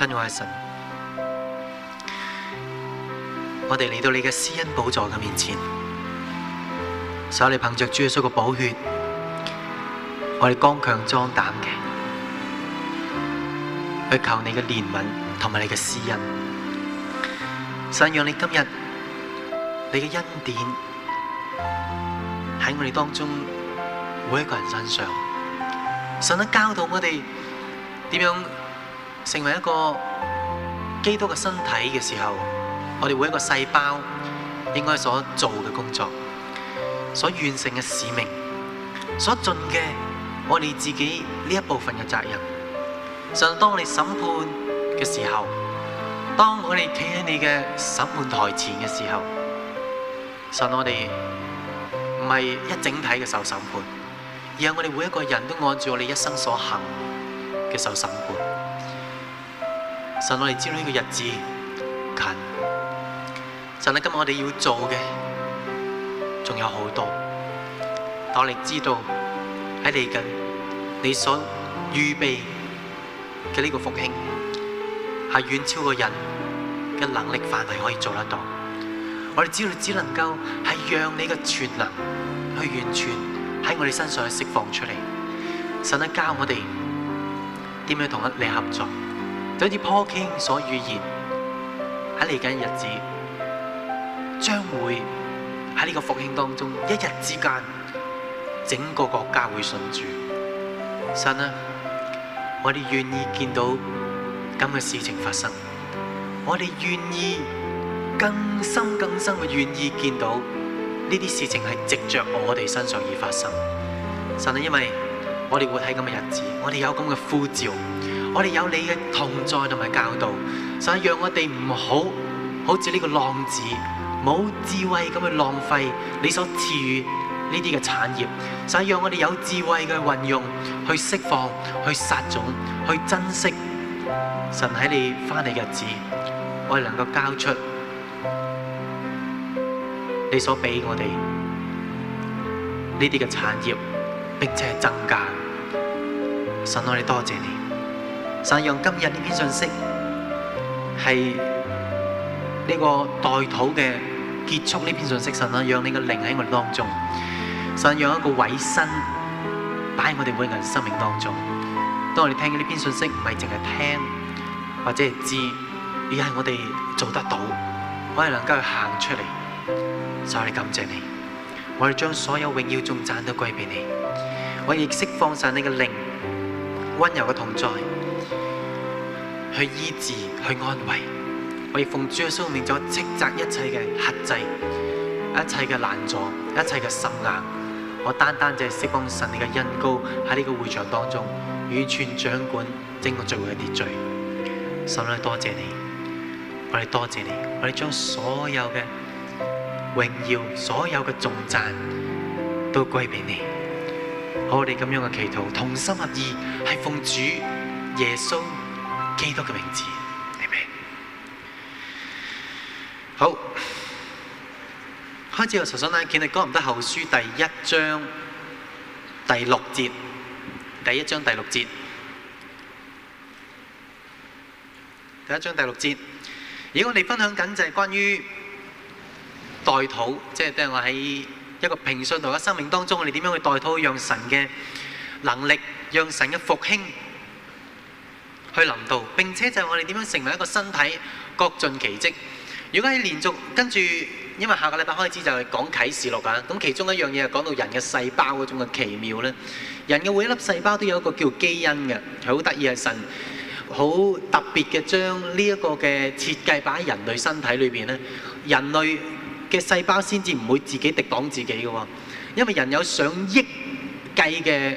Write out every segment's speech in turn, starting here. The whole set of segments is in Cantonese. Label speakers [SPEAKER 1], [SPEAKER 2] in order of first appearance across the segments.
[SPEAKER 1] 親愛的神，我哋嚟到你嘅施恩寶座嘅面前，所你憑着主耶穌嘅寶血，我哋剛強壯膽嘅去求你嘅憐憫同埋你嘅施恩，想讓你今日你嘅恩典喺我哋當中每一個人身上，想都教到我哋點樣。成為一個基督嘅身體嘅時候，我哋每一個細胞應該所做嘅工作，所完成嘅使命，所盡嘅我哋自己呢一部分嘅責任。就當我哋審判嘅時候，當我哋企喺你嘅審判台前嘅時候，就我哋唔係一整體嘅受審判，而係我哋每一個人都按住我哋一生所行嘅受審判。神，我哋知道呢個日子近。神喺今日我哋要做嘅仲有好多。但我哋知道喺嚟緊你所預備嘅呢個復興係遠超過人嘅能力範圍，可以做得到。我哋只只能夠係讓你嘅全能去完全喺我哋身上去釋放出嚟。神啊，教我哋點樣同你合作。所以 Paul King 所預言喺嚟緊日子，將會喺呢個復興當中，一日之間，整個國家會信主。神啊，我哋願意見到咁嘅事情發生。我哋願意更深更深嘅願意見到呢啲事情係藉著我哋身上而發生。神啊，因為我哋活喺咁嘅日子，我哋有咁嘅呼召。我哋有你嘅同在同埋教導，想讓我哋唔好好似呢個浪子，冇智慧咁去浪費你所賜予呢啲嘅產業，想讓我哋有智慧嘅運用，去釋放、去撒種、去珍惜。神，喺你翻來嘅日子，我哋能夠交出你所俾我哋呢啲嘅產業，並且係增加。神，我哋多謝你。神讓今日呢篇信息係呢個代禱嘅結束呢篇信息，神啊，讓你嘅靈喺我哋當中，神讓一個偉身擺喺我哋每個人生命當中。當我哋聽到呢篇信息，唔係淨係聽或者係知，而係我哋做得到，我哋係能夠行出嚟。神，我哋感謝你，我哋將所有榮耀頌讚都歸俾你。我哋亦釋放晒你嘅靈，溫柔嘅同在，去醫治、去安慰，我亦奉主嘅所命，咗斥責一切嘅轄制、一切嘅難阻、一切嘅甚難。我單單就係釋放神你嘅恩膏，喺呢個會場當中，完全掌管整個聚會嘅秩序。神啊，多謝你！我哋多謝你！我哋將所有嘅榮耀、所有嘅頌讚都歸俾你。好，我哋咁樣嘅祈禱，同心合意，係奉主耶穌基督嘅名字，你明？好，開始我查咗眼見你哥林多後書第一章第六節，第一章第六節，第一章第六節。而我哋分享緊就係關於代禱，即係即係話喺一個平信徒嘅生命當中，我哋點樣去代禱，讓神嘅能力，讓神嘅復興去臨到，並且就係我哋點樣成為一個身體，各盡其職。如果係連續跟住，因為下個禮拜開始就係講啟示錄啊，咁其中一樣嘢係講到人嘅細胞嗰種嘅奇妙咧。人嘅每一粒細胞都有一個叫基因嘅，佢好得意，係神好特別嘅將呢一個嘅設計擺喺人類身體裏邊咧。人類嘅細胞先至唔會自己敵擋自己嘅，因為人有上億計嘅。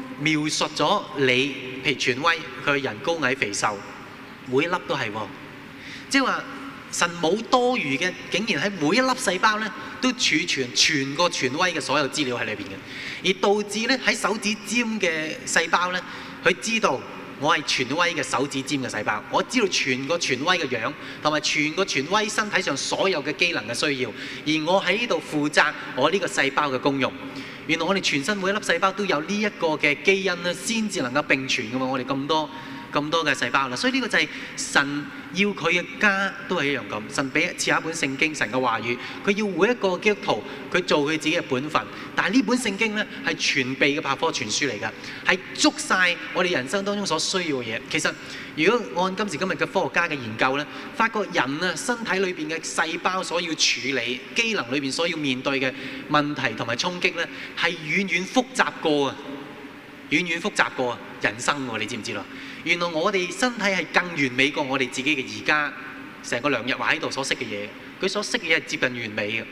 [SPEAKER 1] 描述咗你，譬如權威，佢人高矮肥瘦，每一粒都係喎、哦。即係話神冇多餘嘅，竟然喺每一粒細胞呢都儲存全個權威嘅所有資料喺裏邊嘅，而導致呢喺手指尖嘅細胞呢，佢知道我係權威嘅手指尖嘅細胞，我知道全個權威嘅樣同埋全個權威身體上所有嘅機能嘅需要，而我喺呢度負責我呢個細胞嘅功用。原來我哋全身每一粒細胞都有呢一個嘅基因咧，先至能夠並存㗎嘛，我哋咁多。咁多嘅細胞啦，所以呢個就係神要佢嘅家都係一樣咁。神俾一下一本聖經，神嘅話語，佢要每一個基督徒，佢做佢自己嘅本分。但係呢本聖經呢，係全備嘅百科全書嚟㗎，係捉晒我哋人生當中所需要嘅嘢。其實，如果按今時今日嘅科學家嘅研究呢，發覺人啊身體裏邊嘅細胞所要處理機能裏邊所要面對嘅問題同埋衝擊呢，係遠遠複雜過啊，遠遠複雜過人生喎！你知唔知道？原來我哋身體係更完美過我哋自己嘅而家，成個梁日華喺度所識嘅嘢，佢所識嘅嘢係接近完美的。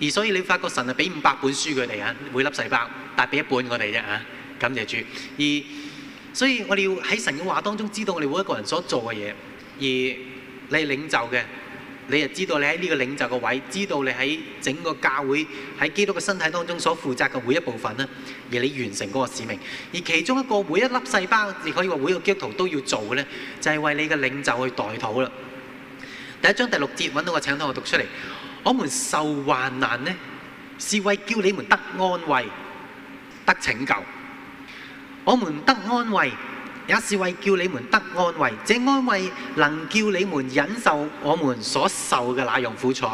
[SPEAKER 1] 而所以你發覺神係俾五百本書佢哋啊，每粒細胞，但係俾一本我哋啫。感謝主。所以我哋要喺神嘅話當中知道我哋每一個人所做嘅嘢，而你係領袖嘅。你就知道你喺呢個領袖個位，知道你喺整個教會喺基督嘅身體當中所負責嘅每一部分咧，而你完成嗰個使命。而其中一個每一粒細胞，你可以話每個基督徒都要做嘅呢，就係、是、為你嘅領袖去代禱啦。第一章第六節揾到個請台，我讀出嚟。我們受患難呢，是為叫你們得安慰、得拯救。我們得安慰。也是為叫你們得安慰，這安慰能叫你們忍受我們所受嘅那樣苦楚。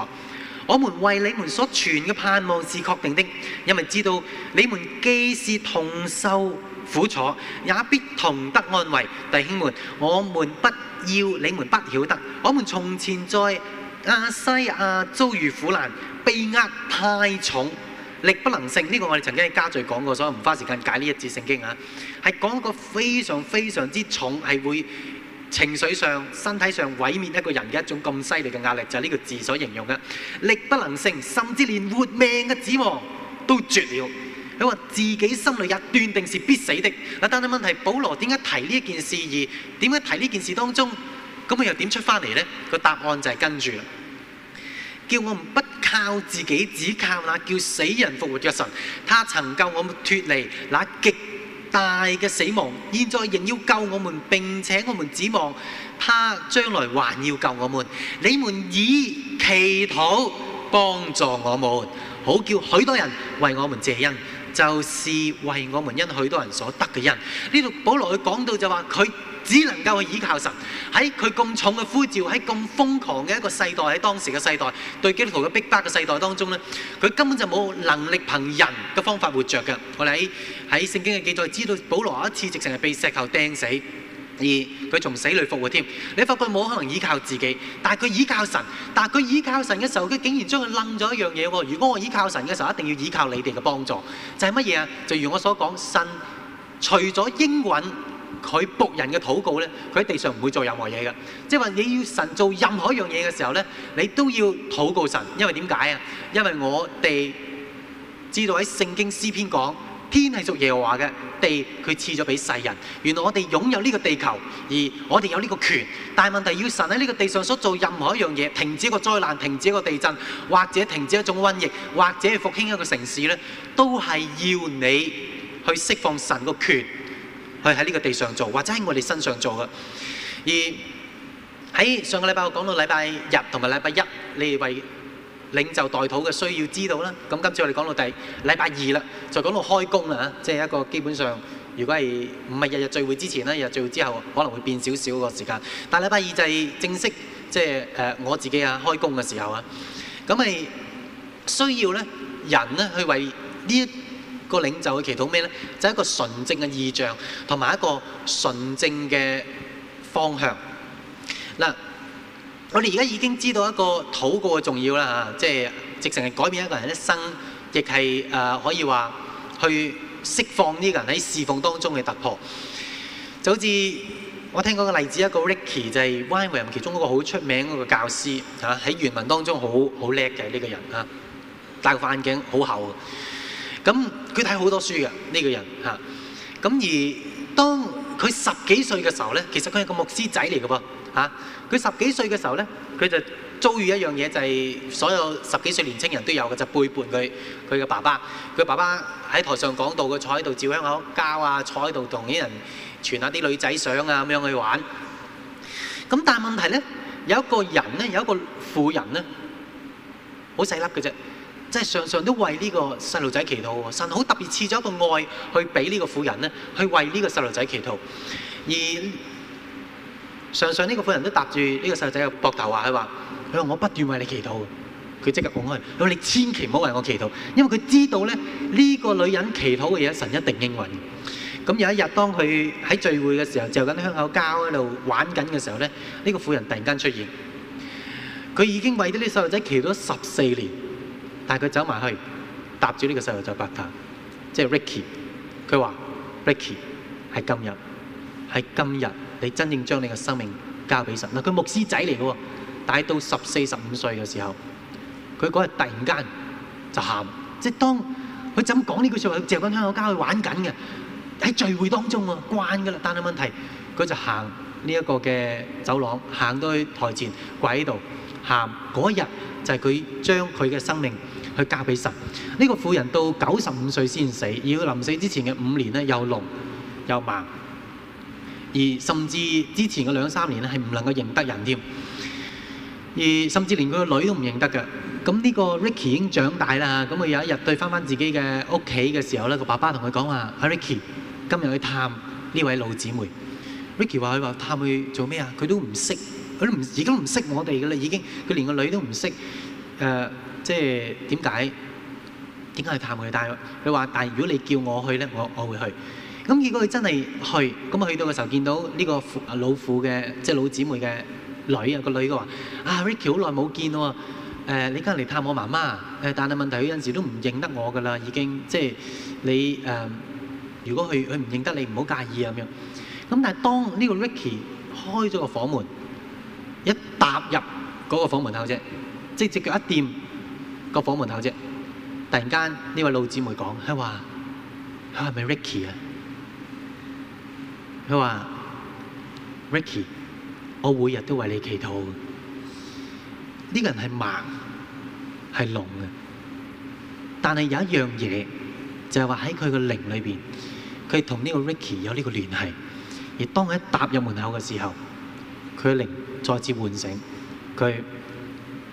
[SPEAKER 1] 我們為你們所存嘅盼望是確定的，因為知道你們既是同受苦楚，也必同得安慰。弟兄們，我們不要你們不曉得，我們從前在亞西亞遭遇苦難，被壓太重。力不能勝，呢、這個我哋曾經喺家聚講過，所以唔花時間解呢一節聖經啊。係講一個非常非常之重，係會情緒上、身體上毀滅一個人嘅一種咁犀利嘅壓力，就係、是、呢個字所形容嘅。力不能勝，甚至連活命嘅指望都絕了。佢話自己心裏也斷定是必死的。嗱，但係問題，保羅點解提呢一件事而點解提呢件事當中？咁佢又點出翻嚟呢？個答案就係跟住。叫我們不靠自己，只靠那叫死人復活嘅神。他曾救我們脫離那極大嘅死亡，現在仍要救我們，並且我們指望他將來還要救我們。你們以祈禱幫助我們，好叫許多人為我們謝恩。就是為我們因許多人所得嘅恩，呢度保羅佢講到就話佢只能夠去倚靠神，喺佢咁重嘅呼召，喺咁瘋狂嘅一個世代，喺當時嘅世代，對基督徒嘅逼迫嘅世代當中咧，佢根本就冇能力憑人嘅方法活着嘅。我喺喺聖經嘅記載知道保羅一次直情係被石頭掟死。而佢從死裏復活添，你發覺冇可能依靠自己，但係佢依靠神，但係佢依靠神嘅時候，佢竟然將佢愣咗一樣嘢喎。如果我依靠神嘅時候，一定要依靠你哋嘅幫助，就係乜嘢啊？就如我所講，神除咗應允佢僕人嘅禱告咧，佢喺地上唔會做任何嘢嘅。即係話你要神做任何一樣嘢嘅時候咧，你都要禱告神，因為點解啊？因為我哋知道喺聖經詩篇講。天係屬耶和華嘅，地佢賜咗俾世人。原來我哋擁有呢個地球，而我哋有呢個權。但係問題要神喺呢個地上所做任何一樣嘢，停止一個災難，停止一個地震，或者停止一種瘟疫，或者復興一個城市咧，都係要你去釋放神個權，去喺呢個地上做，或者喺我哋身上做嘅。而喺上個禮拜我講到禮拜日同埋禮拜一，你哋為領袖代禱嘅需要知道啦，咁今次我哋講到第禮拜二啦，就講到開工啦，即係一個基本上，如果係唔係日日聚會之前啦，日日聚會之後可能會變少少個時間，但禮拜二就係正式，即係誒我自己啊開工嘅時候啊，咁係需要咧人咧去為呢一個領袖去祈禱咩咧？就係一個純正嘅意象，同埋一個純正嘅方向嗱。我哋而家已經知道一個禱告嘅重要啦嚇，即係直情係改變一個人一生，亦係誒可以話去釋放呢個人喺侍奉當中嘅突破。就好似我聽過個例子，一個 Ricky 就係灣人其中一個好出名嗰個教師嚇，喺原文當中好好叻嘅呢個人嚇，戴個花眼鏡好厚。咁佢睇好多書嘅呢個人嚇，咁而當佢十幾歲嘅時候咧，其實佢係個牧師仔嚟嘅噃。嚇！佢、啊、十幾歲嘅時候咧，佢就遭遇一樣嘢，就係、是、所有十幾歲年青人都有嘅，就背叛佢佢嘅爸爸。佢爸爸喺台上講道，佢坐喺度照相口交照香口膠啊，坐喺度同啲人傳下啲女仔相啊，咁樣去玩。咁但係問題咧，有一個人咧，有一個婦人咧，好細粒嘅啫，即係常常都為呢個細路仔祈禱。神好特別賜咗一個愛去俾呢個婦人咧，去為呢個細路仔祈禱。而常常呢個婦人都搭住呢個細路仔嘅膊頭話：佢話佢話我不斷為你祈禱，佢即刻講開：佢話你千祈唔好為我祈禱，因為佢知道咧呢個女人祈禱嘅嘢，神一定應允。咁有一日，當佢喺聚會嘅時候，就緊啲香口膠喺度玩緊嘅時候咧，呢個婦人突然間出現。佢已經為咗呢細路仔祈禱咗十四年，但係佢走埋去搭住呢個細路仔膊頭，即係 Ricky。佢話：Ricky 係今日，係今日。你真正將你嘅生命交俾神嗱，佢牧師仔嚟嘅，大到十四十五歲嘅時候，佢嗰日突然間就喊，即係當佢就咁講呢句説話，佢就咁喺我家去玩緊嘅，喺聚會當中啊慣嘅啦，但係問題佢就行呢一個嘅走廊，行到去台前跪喺度喊，嗰一日就係佢將佢嘅生命去交俾神。呢個婦人到九十五歲先死，而佢臨死之前嘅五年咧又聾又盲。而甚至之前嘅兩三年咧係唔能夠認得人添，而甚至連佢個女都唔認得嘅。咁呢個 Ricky 已經長大啦，咁佢有一日對返返自己嘅屋企嘅時候咧，個爸爸同佢講話：阿 Ricky，今日去探呢位老姊妹。Ricky 話：佢話探佢做咩啊？佢都唔識，佢都唔而家都唔識我哋㗎喇，已經佢連個女都唔識。誒，即係點解？點解去探佢？但係佢話，但係如果你叫我去咧，我我會去。咁如果佢真係去，咁啊去到嘅時候見到呢個老婦嘅，即係老姊妹嘅女啊，個女嘅話：啊，Ricky 好耐冇見喎，誒，你今日嚟探我媽媽，誒，但係問題佢有陣時都唔認得我㗎啦，已經，即係你誒，如果佢佢唔認得你，唔好介意呀咁樣。咁但係當呢個 Ricky 開咗個房門，一踏入嗰個房門口啫，即係隻腳一掂個房門口啫，突然間呢位老姊妹講：佢話佢係咪 Ricky 啊？佢話：Ricky，我每日都為你祈禱。呢個人係盲，係聾嘅，但係有一樣嘢就係話喺佢嘅靈裏邊，佢同呢個 Ricky 有呢個聯繫。而當佢一踏入門口嘅時候，佢嘅靈再次喚醒，佢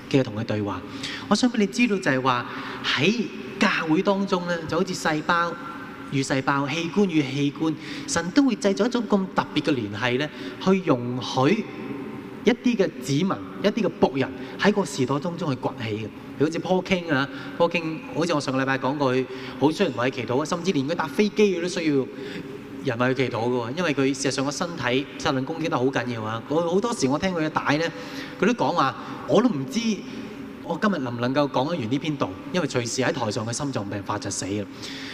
[SPEAKER 1] 繼續同佢對話。我想俾你知道就係話喺教會當中咧，就好似細胞。與細胞、器官與器官，神都會製造一種咁特別嘅聯繫咧，去容許一啲嘅子民、一啲嘅僕人喺個時代當中去崛起嘅，譬如好似 Paul King 啊，Paul King，好似我上個禮拜講過，佢好需要人為祈禱啊，甚至連佢搭飛機佢都需要人為去祈禱㗎喎，因為佢事實上個身體細菌攻擊得好緊要啊，我好多時我聽佢嘅帶咧，佢都講話，我都唔知。我今日能唔能夠講得完呢篇道？因為隨時喺台上嘅心臟病發就死啦。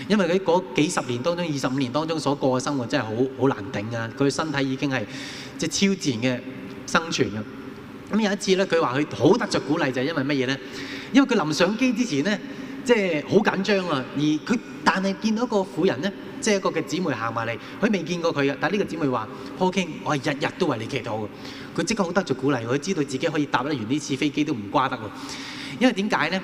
[SPEAKER 1] 因為佢嗰幾十年當中、二十五年當中所過嘅生活真係好好難頂啊！佢身體已經係即係超自然嘅生存啊！咁有一次咧，佢話佢好得着鼓勵，就係、是、因為乜嘢咧？因為佢臨上機之前咧，即係好緊張啊！而佢但係見到一個婦人咧，即、就、係、是、一個嘅姊妹行埋嚟，佢未見過佢嘅，但係呢個姊妹話：Paul King，我係日日都為你祈禱嘅。佢即刻好得著鼓勵，佢知道自己可以搭得完呢次飛機都唔瓜得喎。因為點解呢？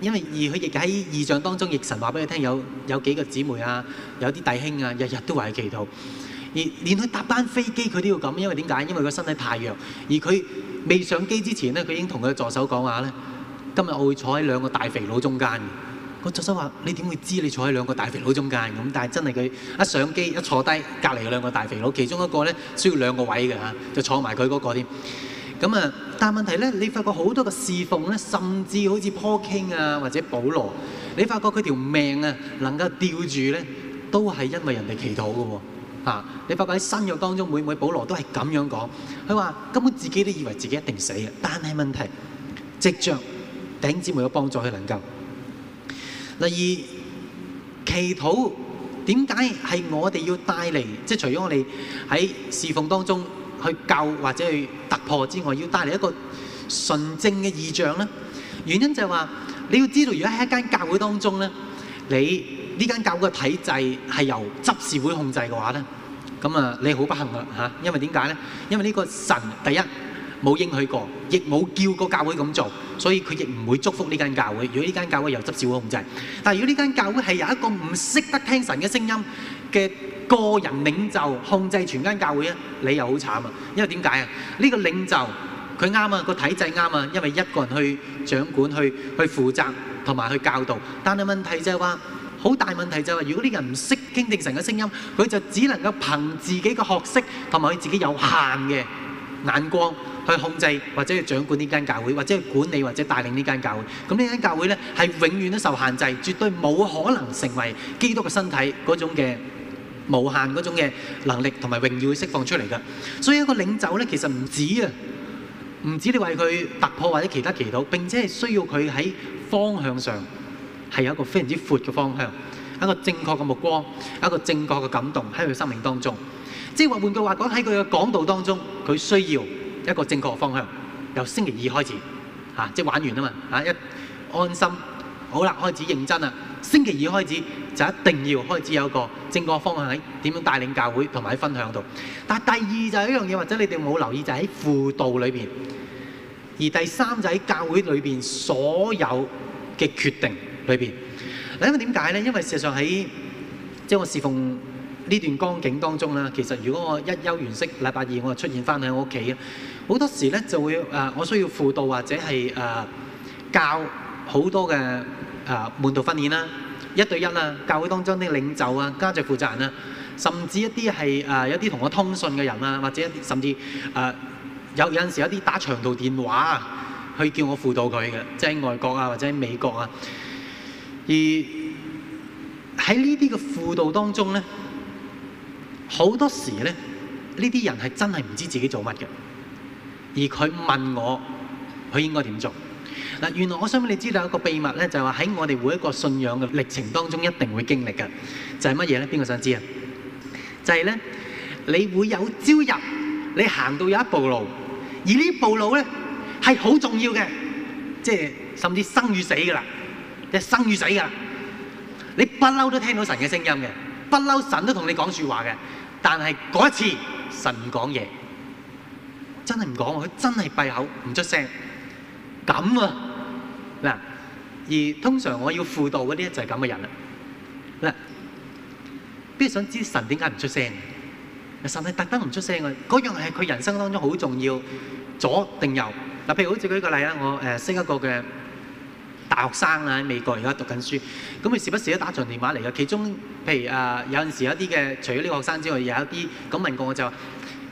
[SPEAKER 1] 因為而佢亦喺異象當中，亦神話俾佢聽，有有幾個姊妹啊，有啲弟兄啊，日日都為佢祈禱。而連佢搭班飛機，佢都要咁，因為點解？因為佢身體太弱。而佢未上機之前咧，佢已經同佢助手講話咧：今日我會坐喺兩個大肥佬中間。個助手話：你點會知你坐喺兩個大肥佬中間咁？但係真係佢一上機一坐低，隔離兩個大肥佬，其中一個咧，需要兩個位嘅嚇，就坐埋佢嗰個添。咁啊，但係問題咧，你發覺好多個侍奉咧，甚至好似坡傾啊，或者保羅，你發覺佢條命啊能夠吊住咧，都係因為人哋祈禱嘅喎。你發覺喺新約當中，每每保羅都係咁樣講，佢話根本自己都以為自己一定死嘅，但係問題藉著頂姊妹嘅幫助，佢能夠。第二，祈禱點解係我哋要帶嚟？即係除咗我哋喺侍奉當中去救或者去突破之外，要帶嚟一個純正嘅異象咧。原因就係話你要知道，如果喺一間教會當中咧，你呢間教會嘅體制係由執事會控制嘅話咧，咁啊你好不幸啦嚇，因為點解咧？因為呢個神第一。冇應許過，亦冇叫過教會咁做，所以佢亦唔會祝福呢間教會。如果呢間教會由執事會控制，但係如果呢間教會係由一個唔識得聽神嘅聲音嘅個人領袖控制全間教會咧，你又好慘啊！因為點解啊？呢個領袖佢啱啊，個體制啱啊，因為一個人去掌管、去去負責同埋去教導。但係問題就係話，好大問題就係話，如果啲人唔識聽定神嘅聲音，佢就只能夠憑自己嘅學識同埋佢自己有限嘅眼光去控制或者去掌管呢間教會，或者去管理或者帶領呢間教會，咁呢間教會咧，係永遠都受限制，絕對冇可能成為基督嘅身體嗰種嘅無限嗰種嘅能力同埋榮耀釋放出嚟嘅。所以一個領袖咧，其實唔止啊，唔止你為佢突破或者其他祈禱，並且係需要佢喺方向上係有一個非常之闊嘅方向，一個正確嘅目光，一個正確嘅感動喺佢生命當中。即係話換句話講，喺佢嘅講道當中，佢需要一個正確嘅方向。由星期二開始，嚇，即係玩完啊嘛嚇，一安心好啦，開始認真啦。星期二開始就一定要開始有個正確嘅方向喺點樣帶領教會同埋喺分享度。但係第二就係一樣嘢，或者你哋冇留意就喺輔導裏邊，而第三就喺教會裏邊所有嘅決定裏邊。嗱，因為點解呢？因為事實上喺即係我侍奉呢段光景當中啦，其實如果我一休完息，禮拜二我就出現翻喺我屋企，好多時咧就會誒，我需要輔導或者係誒、呃、教好多嘅誒、呃、門道訓練啦、一對一啦、教會當中啲領袖啊、家長負責人啊，甚至一啲係誒有啲同我通訊嘅人啊，或者甚至誒、呃、有有陣時有啲打長途電話去叫我輔導佢嘅，即係外國啊，或者喺美國啊。而喺呢啲嘅輔導當中咧。好多時咧，呢啲人係真係唔知自己做乜嘅，而佢問我佢應該點做嗱？原來我想俾你知道一個秘密咧，就係話喺我哋每一個信仰嘅歷程當中一定會經歷嘅，就係乜嘢咧？邊個想知啊？就係咧，你會有朝日，你行到有一步路，而呢步路咧係好重要嘅，即係甚至生與死㗎啦，即係生與死㗎啦！你不嬲都聽到神嘅聲音嘅，不嬲神都同你講説話嘅。但係嗰一次，神唔講嘢，真係唔講，佢真係閉口唔出聲。咁啊，嗱，而通常我要輔導嗰啲就係咁嘅人啦。嗱，邊想知神點解唔出聲？神係特登唔出聲嘅，嗰樣係佢人生當中好重要，左定右嗱。譬如好似舉個例啊，我誒識一個嘅。大學生啦，喺美國而家讀緊書，咁佢時不時都打場電話嚟嘅。其中，譬如誒有陣時有啲嘅，除咗呢個學生之外，有一啲咁問過我，就話：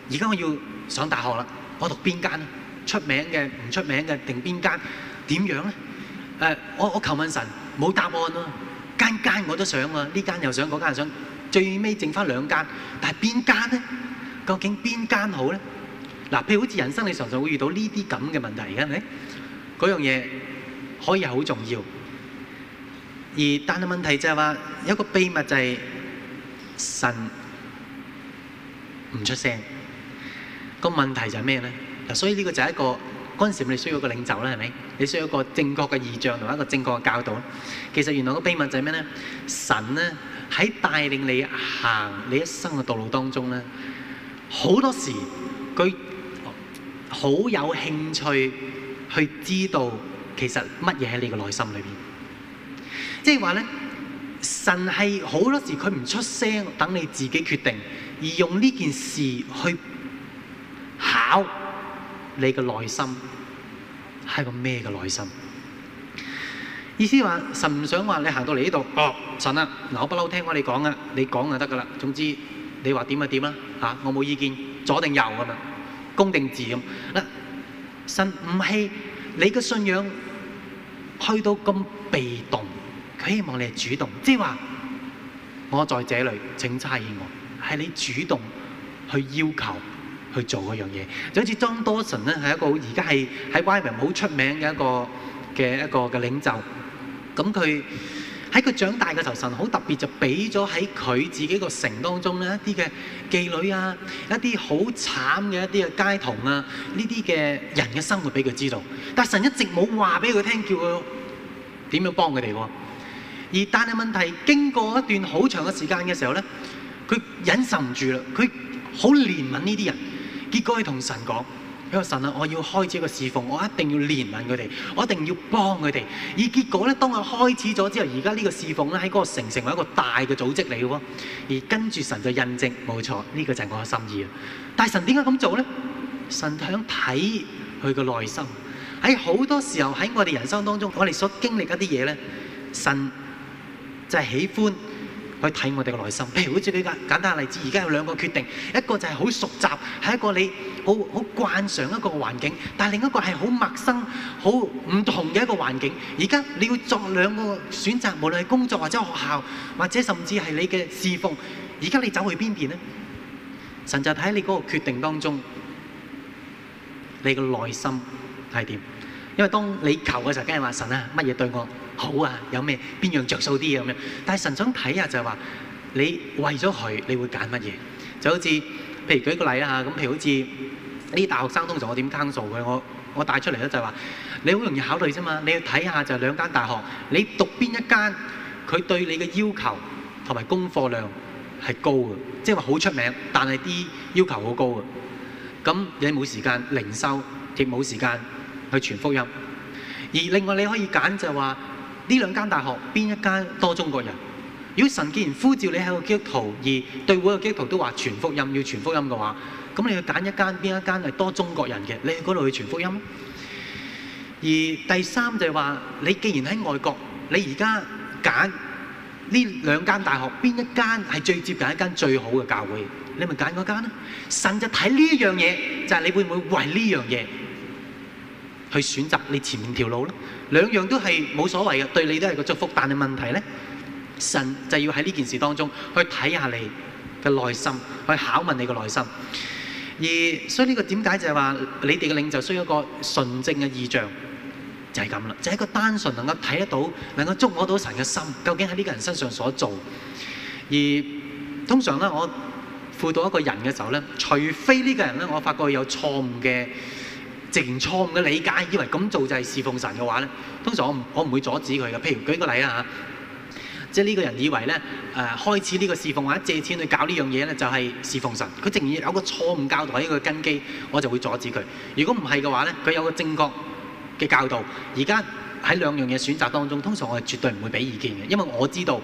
[SPEAKER 1] 而家我要上大學啦，我讀邊間？出名嘅、唔出名嘅，定邊間？點樣咧？誒，我我求問神，冇答案喎，間間我都想喎，呢間又想，嗰間又想，最尾剩翻兩間，但係邊間咧？究竟邊間好咧？嗱，譬如好似人生你常常會遇到呢啲咁嘅問題嘅，係咪？嗰樣嘢。可以係好重要，而但係問題就係話有一個秘密就係神唔出聲。個問題就係咩咧？嗱，所以呢個就係一個嗰陣時我哋需要一個領袖啦，係咪？你需要一個正確嘅異象同埋一個正確嘅教導。其實原來個秘密就係咩咧？神咧喺帶領你行你一生嘅道路當中咧，好多時佢好有興趣去知道。其實乜嘢喺你個內心裏邊？即係話咧，神係好多時佢唔出聲，等你自己決定，而用呢件事去考你嘅內心係個咩嘅內心？意思話神唔想話你行到嚟呢度，哦，神啊，我不嬲聽我你講噶，你講就得噶啦。總之你話點就點啦，吓，我冇意見，左定右咁樣，公定字咁嗱。神唔係你嘅信仰。去到咁被動，佢希望你係主動，即係話我在這裡，請差遣我，係你主動去要求去做嗰樣嘢。就好似 John Dawson 咧，係一個而家係喺 YWAM 好出名嘅一個嘅一個嘅領袖，咁佢。喺佢長大嘅時候，神好特別就俾咗喺佢自己個城當中咧一啲嘅妓女啊，一啲好慘嘅一啲嘅街童啊，呢啲嘅人嘅生活俾佢知道。但神一直冇話俾佢聽，叫佢點樣幫佢哋喎。而但係問題經過一段好長嘅時間嘅時候咧，佢忍受唔住啦，佢好憐憫呢啲人，結果佢同神講。一個神啊，我要開始一個侍奉，我一定要憐憫佢哋，我一定要幫佢哋。而結果咧，當我開始咗之後，而家呢個侍奉咧喺嗰個城成為一個大嘅組織嚟嘅喎。而跟住神就印證，冇錯，呢個就係我嘅心意。但係神點解咁做咧？神想睇佢嘅內心。喺好多時候喺我哋人生當中，我哋所經歷一啲嘢咧，神就係喜歡。去睇我哋嘅內心，譬如好似呢個簡單例子，而家有兩個決定，一個就係好熟習，係一個你好好慣常一個環境，但係另一個係好陌生、好唔同嘅一個環境。而家你要作兩個選擇，無論係工作或者學校，或者甚至係你嘅侍奉。而家你走去邊邊咧？神就睇喺你嗰個決定當中，你嘅內心係點？因為當你求嘅時候，梗係話神啊，乜嘢對我？好啊，有咩邊樣着數啲啊？咁樣？但係神想睇下，就係話你為咗佢，你會揀乜嘢？就好似譬如舉個例啊，咁譬如好似啲大學生通常我點坑數佢？我我帶出嚟咧就係話你好容易考慮啫嘛。你要睇下就係兩間大學，你讀邊一間佢對你嘅要求同埋功課量係高嘅，即係話好出名，但係啲要求好高嘅。咁你冇時間靈修，亦冇時間去傳福音。而另外你可以揀就係話。呢兩間大學邊一間多中國人？如果神既然呼召你喺個基督徒而對每個基督徒都話傳福音要傳福音嘅話，咁你去揀一間邊一間係多中國人嘅，你去嗰度去傳福音。而第三就係話，你既然喺外國，你而家揀呢兩間大學邊一間係最接近一間最好嘅教會，你咪揀嗰間咯，神就睇呢樣嘢，就係、是、你會唔會為呢樣嘢去選擇你前面條路咯？兩樣都係冇所謂嘅，對你都係個祝福。但係問題呢，神就要喺呢件事當中去睇下你嘅內心，去拷問你嘅內心。而所以呢個點解就係話，你哋嘅領袖需要一個純正嘅意象，就係咁啦。就係、是、一個單純能夠睇得到、能夠捉摸到神嘅心，究竟喺呢個人身上所做。而通常呢，我輔導一個人嘅時候呢，除非呢個人呢，我發覺有錯誤嘅。淨錯誤嘅理解，以為咁做就係侍奉神嘅話呢，通常我唔我唔會阻止佢嘅。譬如舉個例啊，即係呢個人以為呢誒、呃、開始呢個侍奉或者借錢去搞呢樣嘢呢，就係、是、侍奉神。佢仍然有一個錯誤教導喺個根基，我就會阻止佢。如果唔係嘅話呢，佢有個正確嘅教導。而家喺兩樣嘢選擇當中，通常我係絕對唔會俾意見嘅，因為我知道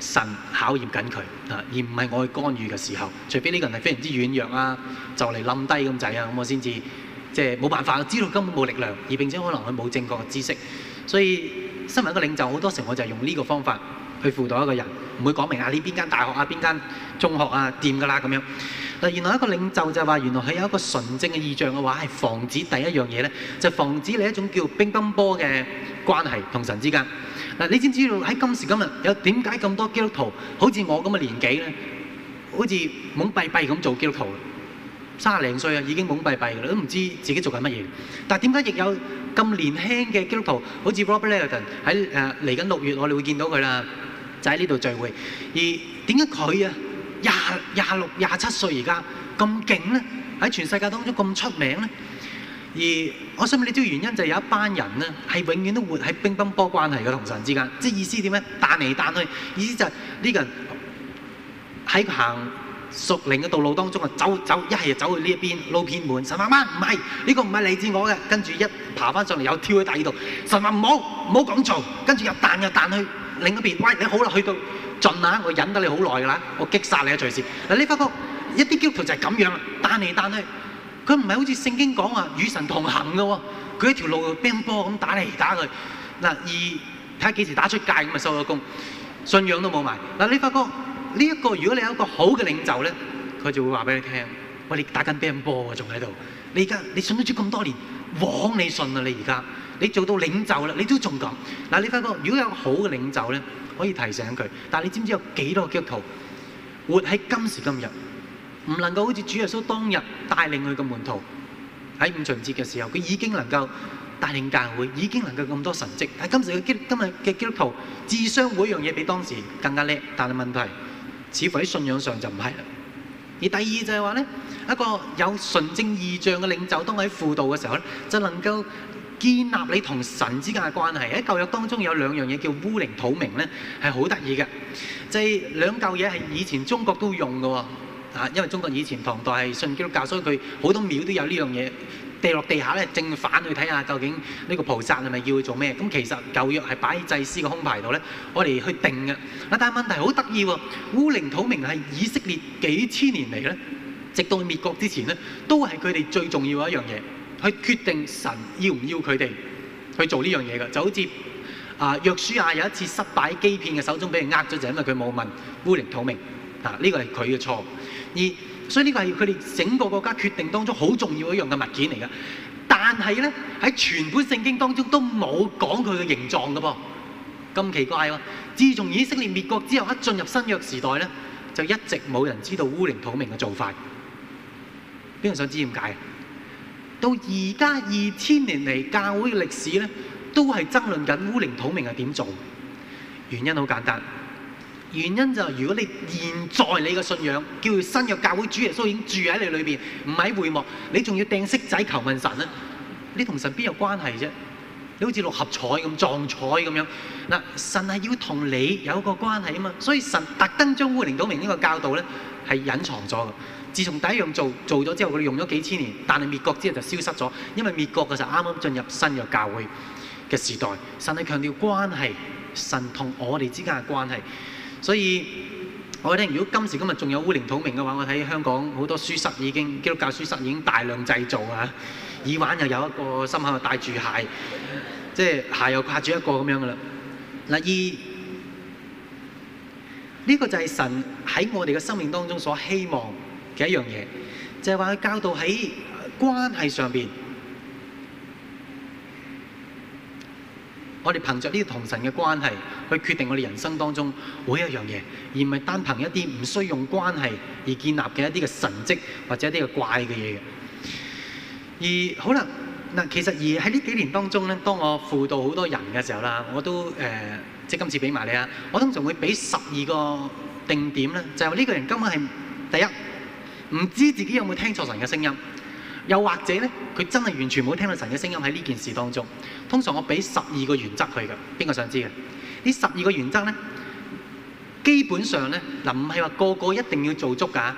[SPEAKER 1] 神考驗緊佢啊，而唔係我去干預嘅時候。除非呢個人係非常之軟弱啊，就嚟冧低咁滯啊，咁我先至。即係冇辦法，知道根本冇力量，而並且可能佢冇正確嘅知識，所以身為一個領袖，好多時我就係用呢個方法去輔導一個人，唔會講明啊呢邊間大學啊，邊間中學啊掂㗎啦咁樣。嗱，原來一個領袖就話，原來佢有一個純正嘅意象嘅話，係防止第一樣嘢咧，就防止你一種叫乒乓波嘅關係同神之間。嗱，你知唔知道喺今時今日有點解咁多基督徒好似我咁嘅年紀咧，好似懵閉閉咁做基督徒？三十零歲啊，已經懵閉閉嘅啦，都唔知自己做緊乜嘢。但係點解亦有咁年輕嘅基督徒，好似 Robert Newton 喺嚟緊六月，我哋會見到佢啦，就喺呢度聚會。而點解佢啊廿廿六廿七歲而家咁勁咧？喺全世界當中咁出名呢？而我想問你，主要原因就係有一班人呢，係永遠都活喺乒乓波關係嘅同神之間。即意思點呢？彈嚟彈去，意思就呢個喺行。屬靈嘅道路當中啊，走走一係就走去呢一邊撈片門神馬媽，唔係呢個唔係嚟自我嘅，跟住一爬翻上嚟又跳喺第二度神馬唔好唔好咁做，跟住又彈又彈去另一邊餵你好啦，去到盡啦，我忍得你好耐㗎啦，我擊殺你啊隨時，嗱，你發覺一啲基督徒就係咁樣彈嚟彈去，佢唔係好似聖經講話與神同行嘅喎，佢一條路 beam 波咁打嚟打去，嗱，而睇下幾時打出界咁就收咗工，信仰都冇埋，嗱你發覺。呢一個，如果你有一個好嘅領袖咧，佢就會話俾你聽：喂，你打緊乒乓波喎，仲喺度。你而家你信咗主咁多年，枉你信啊！你而家你做到領袖啦，你都仲講嗱。你發覺如果有個好嘅領袖咧，可以提醒佢。但係你知唔知有幾多基督徒活喺今時今日，唔能夠好似主耶穌當日帶領佢嘅門徒喺五旬節嘅時候，佢已經能夠帶領教會，已經能夠咁多神蹟。但係今時嘅基今日嘅基督徒智商，每一樣嘢比當時更加叻，但係問題。似乎喺信仰上就唔係啦。而第二就係話呢一個有純正異象嘅領袖，當喺輔導嘅時候呢就能夠建立你同神之間嘅關係。喺舊約當中有兩，有兩樣嘢叫烏陵土明呢係好得意嘅，就係兩嚿嘢係以前中國都用嘅喎。因為中國以前唐代係信基督教，所以佢好多廟都有呢樣嘢。跌落地下咧，正反去睇下究竟呢個菩薩係咪要佢做咩？咁其實舊約係擺祭司嘅胸牌度咧，我哋去定嘅。但係問題好得意喎，烏陵土明係以色列幾千年嚟咧，直到滅國之前咧，都係佢哋最重要嘅一樣嘢，去決定神要唔要佢哋去做呢樣嘢嘅。就好似啊，約書亞有一次失敗機的，基遍嘅手中俾人呃咗，就因為佢冇問烏陵土明啊，呢、這個係佢嘅錯。而所以呢個係佢哋整個國家決定當中好重要一樣嘅物件嚟嘅，但係咧，喺全本聖經當中都冇講佢嘅形狀嘅噃，咁奇怪喎！自從以色列滅國之後，一進入新約時代咧，就一直冇人知道烏靈土明嘅做法。邊個想知點解？到而家二千年嚟教會嘅歷史咧，都係爭論緊烏靈土明係點做，原因好簡單。原因就係，如果你現在你嘅信仰叫新約教會，主耶穌已經住喺你裏邊，唔係會幕，你仲要掟色仔求問神咧？你同神邊有關係啫？你好似六合彩咁撞彩咁樣嗱，神係要同你有個關係啊嘛，所以神特登將烏陵土明呢個教導咧係隱藏咗嘅。自從第一樣做做咗之後，佢哋用咗幾千年，但係滅國之後就消失咗，因為滅國嘅時候啱啱進入新約教會嘅時代，神係強調關係，神同我哋之間嘅關係。所以，我覺得如果今時今日仲有烏靈土明嘅話，我睇香港好多書室已經基督教書室已經大量製造啊，耳環又有一個，心口又戴住鞋，即係鞋又跨住一個咁樣嘅喇。嗱二，呢個就係神喺我哋嘅生命當中所希望嘅一樣嘢，就係話佢教導喺關係上面。我哋憑着呢個同神嘅關係去決定我哋人生當中每一樣嘢，而唔係單憑一啲唔需要用關係而建立嘅一啲嘅神蹟或者啲嘅怪嘅嘢。而好啦，其實而喺呢幾年當中呢，當我輔導好多人嘅時候啦，我都、呃、即今次畀埋你，我通常會畀十二個定點呢就係、是、呢個人根本係第一，唔知自己有冇有聽錯神嘅聲音。又或者咧，佢真係完全冇聽到神嘅聲音喺呢件事當中。通常我俾十二個原則佢㗎，邊個想知嘅？呢十二個原則咧，基本上咧，嗱，唔係話個個一定要做足㗎，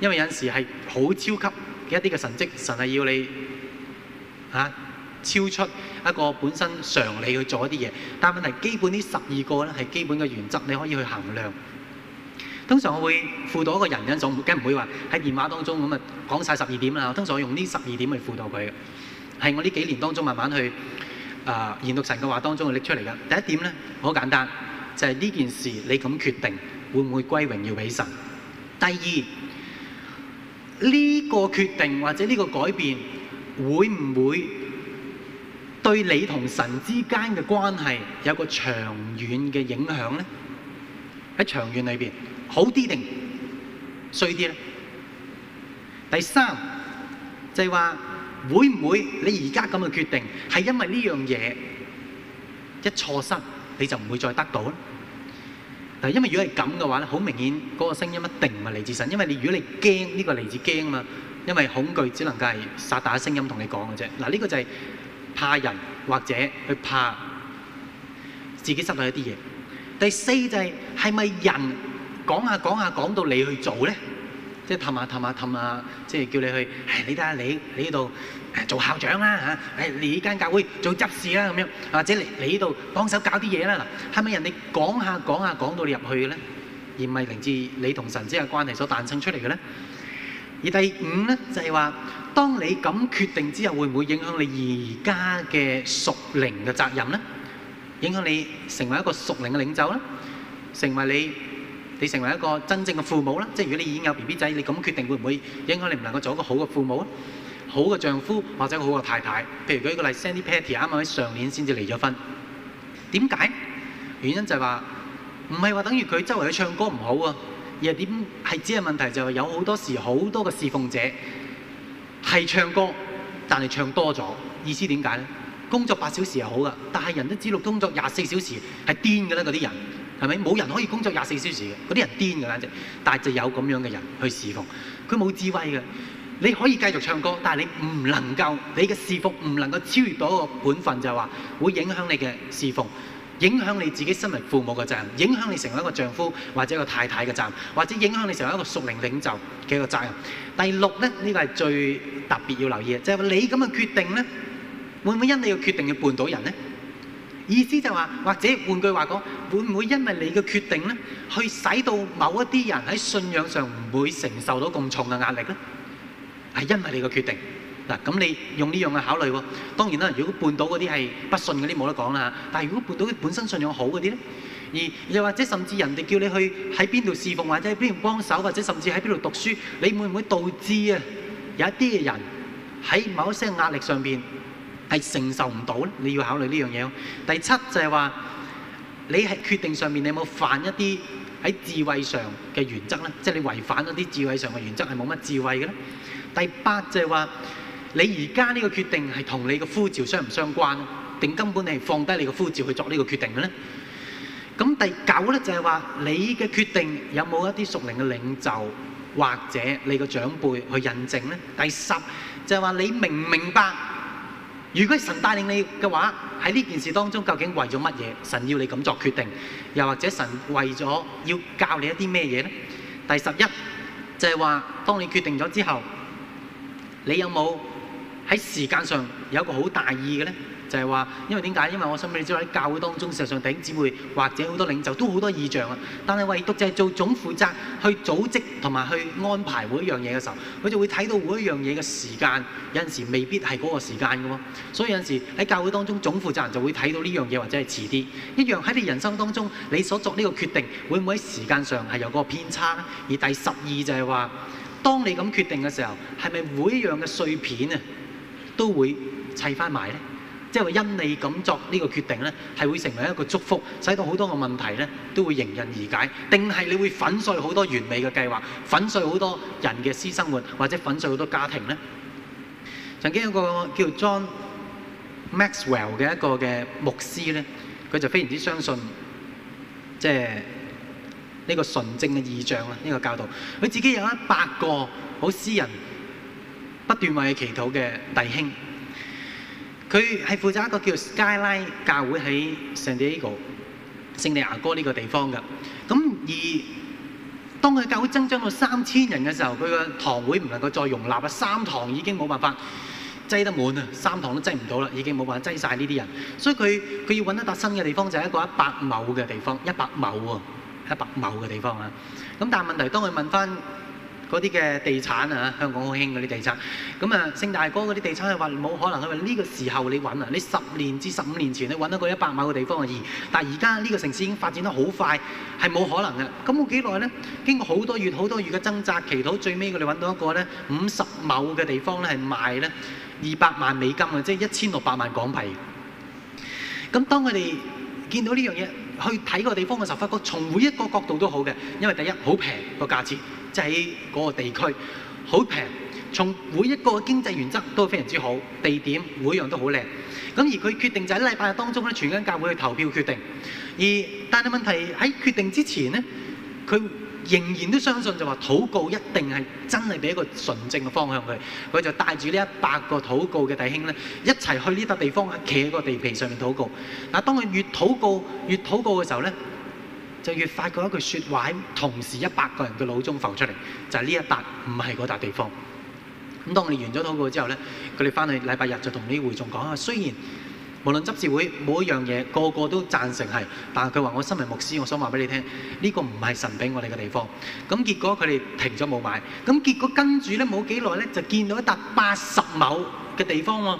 [SPEAKER 1] 因為有陣時係好超級嘅一啲嘅神蹟，神係要你嚇、啊、超出一個本身常理去做一啲嘢。但係問題，基本呢十二個咧係基本嘅原則，你可以去衡量。通常我會輔導一個人，咁我唔梗唔會話喺電話當中咁啊講晒十二點啦。通常我用呢十二點去輔導佢，係我呢幾年當中慢慢去啊研讀神嘅話當中拎出嚟嘅。第一點咧，好簡單，就係呢件事你咁決定會唔會歸榮耀俾神？第二，呢個決定或者呢個改變會唔會對你同神之間嘅關係有個長遠嘅影響咧？喺長遠裏邊。好啲定衰啲咧？第三就係話會唔會你而家咁嘅決定係因為呢樣嘢一錯失你就唔會再得到咧？嗱，因為如果係咁嘅話咧，好明顯嗰個聲音一定唔係嚟自神，因為你如果你驚呢個嚟自驚啊嘛，因為恐懼只能夠係撒但聲音同你講嘅啫。嗱，呢個就係怕人或者去怕自己失去一啲嘢。第四就係係咪人？講下講下講到你去做咧，即係氹下氹下氹下，即係叫你去。唉，你睇下你你呢度誒做校長啦嚇，誒你呢間教會做執事啦咁樣，或者嚟你呢度幫手搞啲嘢啦。嗱，係咪人哋講下講下講到你入去嘅咧？而唔係嚟自你同神之間關係所誕生出嚟嘅咧？而第五咧就係話，當你咁決定之後，會唔會影響你而家嘅屬靈嘅責任咧？影響你成為一個屬靈嘅領袖咧？成為你？你成為一個真正嘅父母啦，即係如果你已經有 B B 仔，你咁決定會唔會影響你唔能夠做一個好嘅父母？好嘅丈夫或者好嘅太太，譬如舉一個例子，Sandy Patty 啱啱喺上年先至離咗婚，點解？原因就係話唔係話等於佢周圍嘅唱歌唔好啊，而係點係只係問題就係有好多時好多嘅侍奉者係唱歌，但係唱多咗，意思點解咧？工作八小時係好噶，但係人都知道工作廿四小時係癲嘅啦，嗰啲人。係咪？冇人可以工作廿四小時嘅，嗰啲人癲嘅簡直。但係就有咁樣嘅人去侍奉，佢冇智慧嘅。你可以繼續唱歌，但係你唔能夠，你嘅侍奉唔能夠超越到一個本分，就係話會影響你嘅侍奉，影響你自己身為父母嘅責任，影響你成為一個丈夫或者一個太太嘅責任，或者影響你成為一個屬靈領袖嘅一個責任。第六咧，呢個係最特別要留意嘅，就係你咁嘅決定咧，會唔會因你嘅決定去絆倒人咧？意思就話，或者換句話講，會唔會因為你嘅決定呢，去使到某一啲人喺信仰上唔會承受到咁重嘅壓力呢？係因為你嘅決定。嗱，咁你用呢樣嘅考慮喎。當然啦，如果半島嗰啲係不信嗰啲，冇得講啦嚇。但係如果半島本身信仰好嗰啲呢，而又或者甚至人哋叫你去喺邊度侍奉，或者喺邊度幫手，或者甚至喺邊度讀書，你會唔會導致啊有一啲嘅人喺某一些壓力上邊？係承受唔到，你要考慮呢樣嘢咯。第七就係話你喺決定上面，你有冇犯一啲喺智慧上嘅原則咧？即係你違反咗啲智慧上嘅原則，係冇乜智慧嘅咧。第八就係話你而家呢個決定係同你嘅呼召相唔相關，定根本你係放低你嘅呼召去作呢個決定嘅咧？咁第九咧就係話你嘅決定有冇一啲屬靈嘅領袖或者你嘅長輩去印證咧？第十就係話你明唔明白？如果神帶領你嘅話，喺呢件事當中，究竟為咗乜嘢？神要你咁作決定，又或者神為咗要教你一啲咩嘢呢？第十一，就係話當你決定咗之後，你有冇喺有時間上有一個好大意嘅呢？」就係話，因為點解？因為我想俾你知喺教會當中，事實上弟兄姊妹或者好多領袖都好多異象啊。但係唯獨就係做總負責去組織同埋去安排每一樣嘢嘅時候，佢就會睇到每一樣嘢嘅時間有陣時未必係嗰個時間嘅喎。所以有陣時喺教會當中總負責人就會睇到呢樣嘢或者係遲啲。一樣喺你人生當中，你所作呢個決定會唔會喺時間上係有嗰個偏差？而第十二就係話，當你咁決定嘅時候，係咪每一樣嘅碎片啊都會砌翻埋咧？即係話因你咁作呢個決定咧，係會成為一個祝福，使到好多個問題咧都會迎刃而解，定係你會粉碎好多完美嘅計劃，粉碎好多人嘅私生活，或者粉碎好多家庭咧？曾經有個叫 John Maxwell 嘅一個嘅牧師咧，佢就非常之相信即係呢個純正嘅異象啊！呢個教導，佢自己有一百個好私人不斷為佢祈禱嘅弟兄。佢係負責一個叫 Skyline 教會喺 San Diego，聖地牙哥呢個地方嘅，咁而當佢教會增長到三千人嘅時候，佢個堂會唔能夠再容納啊，三堂已經冇辦法擠得滿啊，三堂都擠唔到啦，已經冇辦法擠晒呢啲人，所以佢佢要揾一笪新嘅地方，就係一個一百畝嘅地方，一百畝喎，一百畝嘅地方啊，咁但係問題是當佢問翻。嗰啲嘅地產啊，香港好興嗰啲地產。咁啊，聖大哥嗰啲地產係話冇可能，佢話呢個時候你揾啊，你十年至十五年前你揾到個一百畝嘅地方啊。二，但係而家呢個城市已經發展得好快，係冇可能嘅。咁冇幾耐咧，經過好多月好多月嘅掙扎、祈禱，最尾佢哋揾到一個咧五十畝嘅地方咧，係賣咧二百萬美金啊，即係一千六百萬港幣。咁當佢哋見到呢樣嘢，去睇個地方嘅時候，發覺從每一個角度都好嘅，因為第一好平個價錢。就喺嗰個地區，好平，從每一個經濟原則都非常之好，地點每樣都好靚。咁而佢決定就喺禮拜日當中咧，全間教會去投票決定。而但係問題喺決定之前咧，佢仍然都相信就話禱告一定係真係俾一個純正嘅方向佢。佢就帶住呢一百個禱告嘅弟兄咧，一齊去呢笪地方，企喺個地皮上面禱告。嗱，當佢越禱告越禱告嘅時候咧。就越發覺一句説話喺同時一百個人嘅腦中浮出嚟，就係呢一笪唔係嗰笪地方。咁當我哋完咗禱告之後咧，佢哋翻去禮拜日就同啲會眾講啊。雖然無論執事會每一樣嘢個個都贊成係，但係佢話我身為牧師，我想話俾你聽，呢個唔係神俾我哋嘅地方。咁結果佢哋停咗冇買。咁結果跟住咧冇幾耐咧，就見到一笪八十畝嘅地方喎。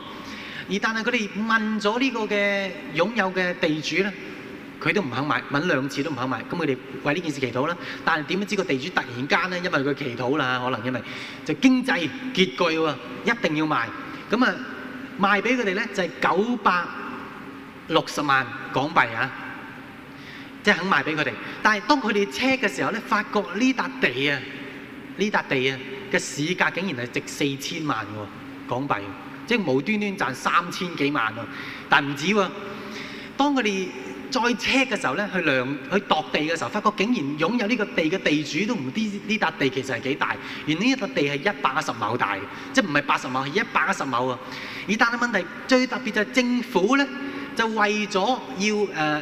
[SPEAKER 1] 而但係佢哋問咗呢個嘅擁有嘅地主咧。佢都唔肯賣，揾兩次都唔肯賣，咁佢哋為呢件事祈禱啦。但係點樣知個地主突然間咧，因為佢祈禱啦，可能因為就經濟拮據喎，一定要賣。咁啊賣俾佢哋咧，就係九百六十萬港幣啊，即係肯賣俾佢哋。但係當佢哋車嘅時候咧，發覺呢笪地啊，呢笪地啊嘅市價竟然係值四千萬喎港幣，即係無端端賺三千幾萬啊。但係唔止喎，當佢哋再 check 嘅時候咧，去量去墮地嘅時候，發覺竟然擁有呢個地嘅地主都唔知呢笪地其實係幾大。原呢一笪地係一百一十畝大嘅，即係唔係八十畝，係一百一十畝喎。而但係問題最特別就係政府咧，就為咗要誒起、呃、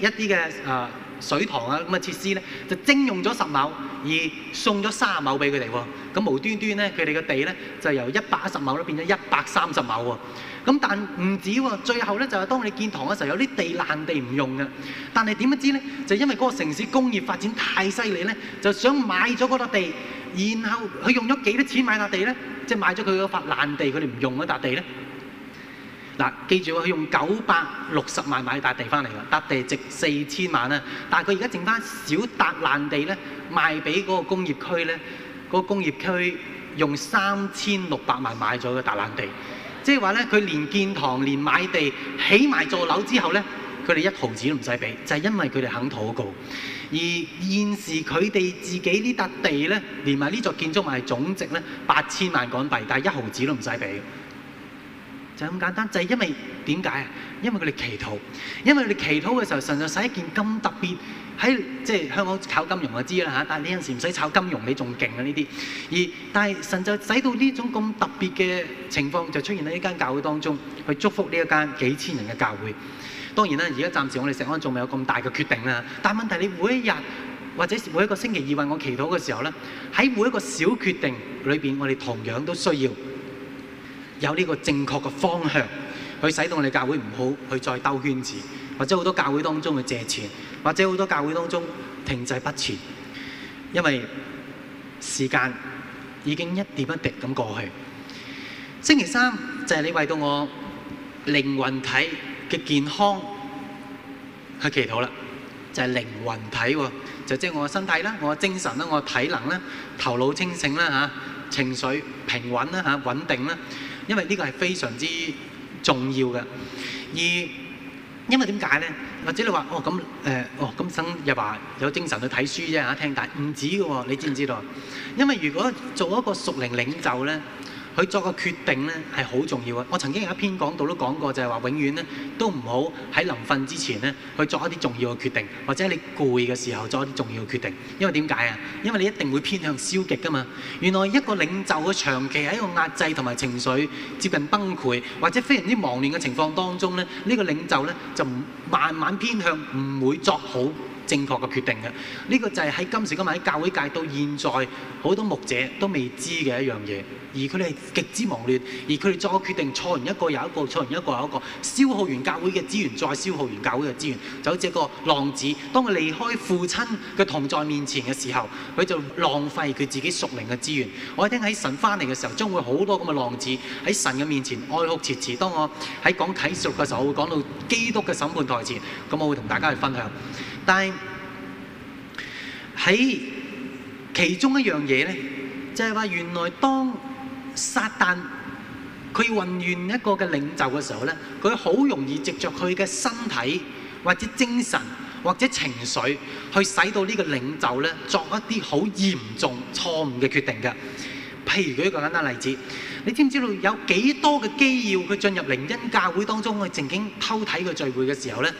[SPEAKER 1] 一啲嘅誒水塘啊咁嘅設施咧，就徵用咗十畝，而送咗三十畝俾佢哋喎。咁無端端咧，佢哋嘅地咧就由一百一十畝咧變咗一百三十畝喎。咁但唔止喎，最後咧就係當你建堂嘅時候有啲地爛地唔用嘅，但係點樣知咧？就因為嗰個城市工業發展太犀利咧，就想買咗嗰笪地，然後佢用咗幾多錢買笪地咧？即係買咗佢個塊爛地，佢哋唔用嗰笪地咧。嗱，記住喎，佢用九百六十萬買笪地翻嚟㗎，笪地值四千萬啦，但係佢而家剩翻少笪爛地咧，賣俾嗰個工業區咧，嗰個工業區用三千六百萬買咗個笪爛地。即係話咧，佢連建堂、連買地、起埋座樓之後咧，佢哋一毫子都唔使俾，就係、是、因為佢哋肯禱告。而現時佢哋自己呢笪地咧，連埋呢座建築物總值咧八千萬港幣，但係一毫子都唔使俾，就係咁簡單。就係、是、因為點解啊？因為佢哋祈禱，因為佢哋祈禱嘅時候，神就使一件咁特別。喺即係香港炒金融，我就知啦嚇，但係呢陣時唔使炒金融你仲勁啊呢啲。而但係神就使到呢種咁特別嘅情況就出現喺呢間教會當中，去祝福呢一間幾千人嘅教會。當然啦，而家暫時我哋石安仲未有咁大嘅決定啦，但係問題是你每一日或者每一個星期二為我祈禱嘅時候咧，喺每一個小決定裏邊，我哋同樣都需要有呢個正確嘅方向，去使到我哋教會唔好去再兜圈子，或者好多教會當中去借錢。或者好多教會當中停滯不前，因為時間已經一點一滴咁過去。星期三就係你為到我靈魂體嘅健康去祈禱啦，就係靈魂體喎，就即係我嘅身體啦，我嘅精神啦，我嘅體能啦，頭腦清醒啦吓，情緒平穩啦吓，穩定啦，因為呢個係非常之重要嘅。而因為點解咧？或者你話哦咁誒哦咁生又話有精神去睇書啫嚇，一聽大唔止嘅、喎、你知唔知道？因為如果做一個屬靈領袖咧。佢做個決定咧，係好重要嘅。我曾經有一篇講到都講過就係，就係話永遠咧都唔好喺臨瞓之前咧去做一啲重要嘅決定，或者你攰嘅時候做一啲重要嘅決定，因為點解啊？因為你一定會偏向消極噶嘛。原來一個領袖嘅長期喺一個壓制同埋情緒接近崩潰或者非常之忙亂嘅情況當中呢，呢個領袖咧就慢慢偏向唔會作好正確嘅決定嘅呢個就係喺今時今日喺教會界，到現在好多牧者都未知嘅一樣嘢，而佢哋極之忙亂，而佢哋再決定錯完一個又一個，錯完一個又一個，消耗完教會嘅資源，再消耗完教會嘅資源，就好似一個浪子，當佢離開父親嘅同在面前嘅時候，佢就浪費佢自己屬靈嘅資源。我一聽喺神翻嚟嘅時候，將會好多咁嘅浪子喺神嘅面前哀哭切齒。當我喺講啟示錄嘅時候，我會講到基督嘅審判台前，咁我會同大家去分享。但係喺其中一樣嘢咧，就係話原來當撒但佢混亂一個嘅領袖嘅時候咧，佢好容易藉著佢嘅身體或者精神或者情緒，去使到呢個領袖咧作一啲好嚴重錯誤嘅決定嘅。譬如舉一個簡單例子，你知唔知道有幾多嘅基要佢進入靈恩教會當中去靜靜偷睇佢聚會嘅時候咧？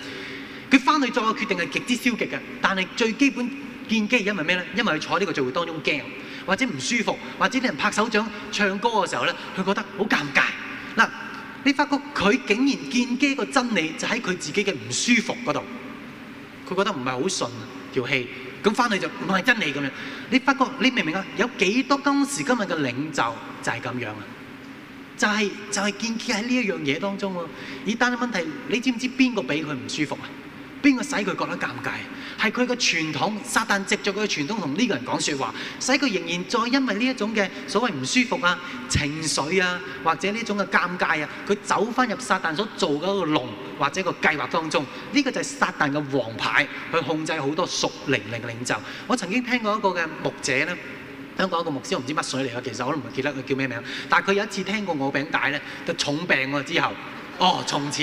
[SPEAKER 1] 佢翻去再有決定係極之消極嘅，但係最基本見機因為咩咧？因為佢坐呢個聚會當中驚，或者唔舒服，或者啲人拍手掌、唱歌嘅時候咧，佢覺得好尷尬。嗱，你發覺佢竟然見機個真理就喺佢自己嘅唔舒服嗰度，佢覺得唔係好順條戲，咁翻去就唔係真理咁樣。你發覺你明唔明啊？有幾多今時今日嘅領袖就係咁樣啊？就係就係見機喺呢一樣嘢當中喎。而單單問題，你知唔知邊個俾佢唔舒服啊？邊個使佢覺得尷尬？係佢個傳統，撒旦藉著佢傳統同呢個人講説話，使佢仍然再因為呢一種嘅所謂唔舒服啊、情緒啊，或者呢種嘅尷尬啊，佢走翻入撒旦所做嘅一個籠或者個計劃當中。呢個就係撒旦嘅王牌，去控制好多屬靈嘅領袖。我曾經聽過一個嘅牧者咧，香港一個牧師，我唔知乜水嚟嘅，其實我可能唔記得佢叫咩名，但係佢有一次聽過我餅帶咧，就重病之後，哦，從此。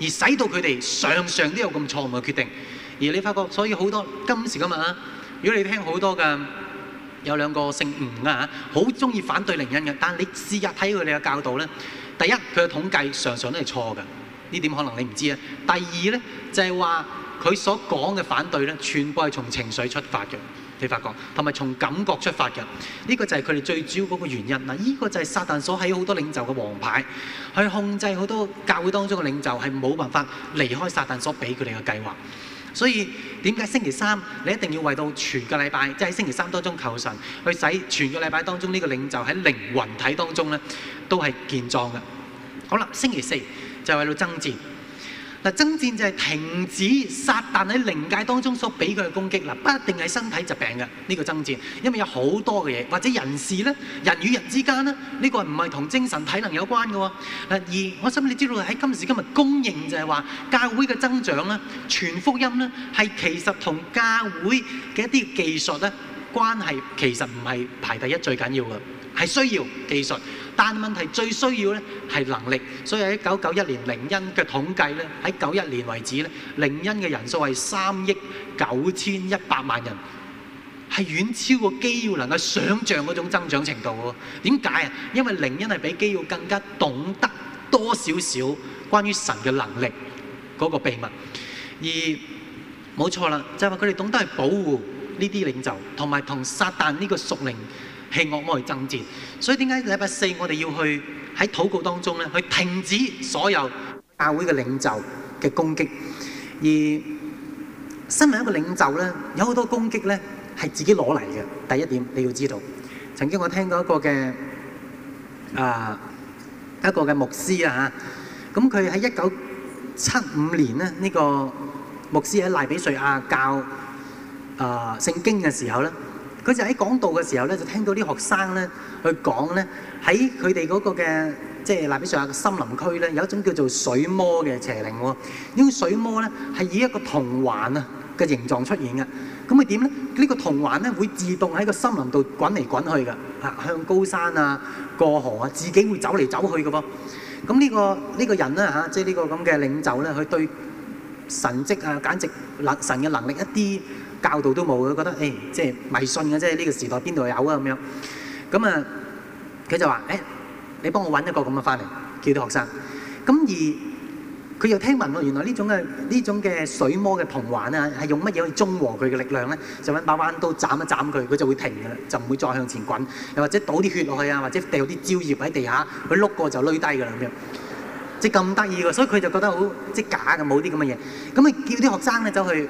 [SPEAKER 1] 而使到佢哋常常都有咁錯誤嘅決定，而你發覺，所以好多今時今日啊，如果你聽好多嘅有兩個姓吳嘅，好中意反對靈恩嘅，但係你試下睇佢哋嘅教導咧，第一佢嘅統計常常都係錯嘅，呢點可能你唔知啊。第二咧就係話佢所講嘅反對咧，全部係從情緒出發嘅。你發覺，同埋從感覺出發嘅，呢個就係佢哋最主要嗰個原因。嗱，呢個就係撒旦所喺好多領袖嘅王牌，去控制好多教會當中嘅領袖，係冇辦法離開撒旦所俾佢哋嘅計劃。所以點解星期三你一定要為到全個禮拜，即係喺星期三當中求神，去使全個禮拜當中呢個領袖喺靈魂體當中咧，都係健壯嘅。好啦，星期四就係為到爭戰。嗱，爭戰就係停止撒但喺靈界當中所俾佢嘅攻擊啦，不一定係身體疾病嘅呢、這個爭戰，因為有好多嘅嘢，或者人事咧，人與人之間咧，呢、這個唔係同精神體能有關嘅喎。嗱，而我諗你知道喺今時今日公認就係話，教會嘅增長咧，傳福音咧，係其實同教會嘅一啲技術咧關係其實唔係排第一最緊要嘅，係需要技術。但問題最需要咧係能力，所以喺一九九一年靈恩嘅統計咧，喺九一年為止咧，靈恩嘅人數係三億九千一百萬人，係遠超過基要能夠想像嗰種增長程度喎。點解啊？因為靈恩係比基要更加懂得多少少關於神嘅能力嗰個秘密，而冇錯啦，就係話佢哋懂得去保護呢啲領袖，同埋同撒但呢個屬靈。係惡魔去爭戰，所以點解禮拜四我哋要去喺禱告當中咧，去停止所有教會嘅領袖嘅攻擊。而身為一個領袖咧，有好多攻擊咧係自己攞嚟嘅。第一點你要知道，曾經我聽過一個嘅啊一個嘅牧師啊，咁佢喺一九七五年咧，呢個牧師喺賴比瑞亞教啊聖經嘅時候咧。佢就喺講道嘅時候咧，就聽到啲學生咧去講咧，喺佢哋嗰個嘅即係南比上下嘅森林區咧，有一種叫做水魔嘅邪靈喎。呢個水魔咧係以一個銅環啊嘅形狀出現嘅。咁佢點咧？這個、環呢個銅環咧會自動喺個森林度滾嚟滾去㗎，啊向高山啊過河啊，自己會走嚟走去嘅噃。咁呢、這個呢、這個人咧、啊、嚇，即係呢個咁嘅領袖咧，佢對神蹟啊，簡直神嘅能力一啲。教導都冇，佢覺得誒、欸，即係迷信嘅，即係呢個時代邊度有啊咁樣。咁啊，佢就話：誒、欸，你幫我搵一個咁嘅翻嚟，叫啲學生。咁而佢又聽聞喎，原來呢種嘅呢種嘅水魔嘅銅環啊，係用乜嘢去中和佢嘅力量咧？就搵把彎刀斬一斬佢，佢就會停嘅啦，就唔會再向前滾。又或者倒啲血落去啊，或者掉啲蕉葉喺地下，佢碌過就攣低嘅啦咁樣。即係咁得意喎，所以佢就覺得好即係假嘅，冇啲咁嘅嘢。咁啊，叫啲學生咧走去。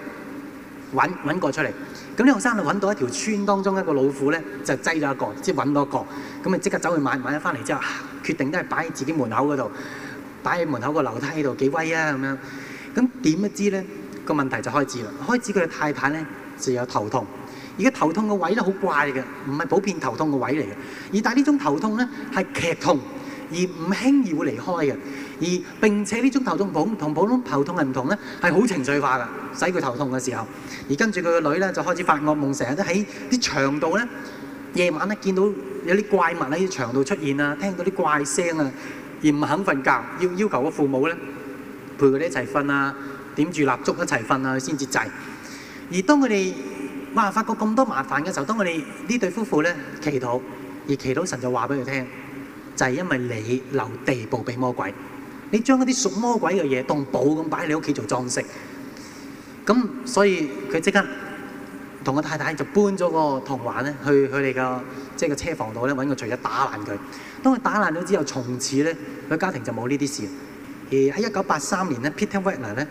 [SPEAKER 1] 揾揾個出嚟，咁呢後生就揾到一條村當中一個老虎咧，就擠咗一個，即係揾到一個，咁啊即刻走去買，買咗翻嚟之後，啊，決定都係擺喺自己門口嗰度，擺喺門口個樓梯度幾威啊咁樣，咁點不知咧個問題就開始啦，開始佢嘅太太咧就有頭痛，而家頭痛個位咧好怪嘅，唔係普遍頭痛個位嚟嘅，而但係呢種頭痛咧係劇痛，而唔輕易會離開嘅。而並且呢種頭痛唔同普通頭痛係唔同咧，係好情緒化噶，使佢頭痛嘅時候，而跟住佢個女咧就開始發噩夢，成日都喺啲牆度咧，夜晚咧見到有啲怪物喺啲牆度出現啊，聽到啲怪聲啊，而唔肯瞓覺，要要求個父母咧陪佢哋一齊瞓啊，點住蠟燭一齊瞓啊，先至制。而當佢哋哇發覺咁多麻煩嘅時候，當佢哋呢對夫婦咧祈禱，而祈禱神就話俾佢聽，就係因為你留地步俾魔鬼。你將嗰啲屬魔鬼嘅嘢當寶咁擺喺你屋企做裝飾，所以佢即刻同個太太就搬咗個唐畫去佢哋個車房度咧，揾個錘打爛佢。當佢打爛咗之後，從此呢他佢家庭就冇呢啲事了。而喺一九八三年 Peter Wagner 呢，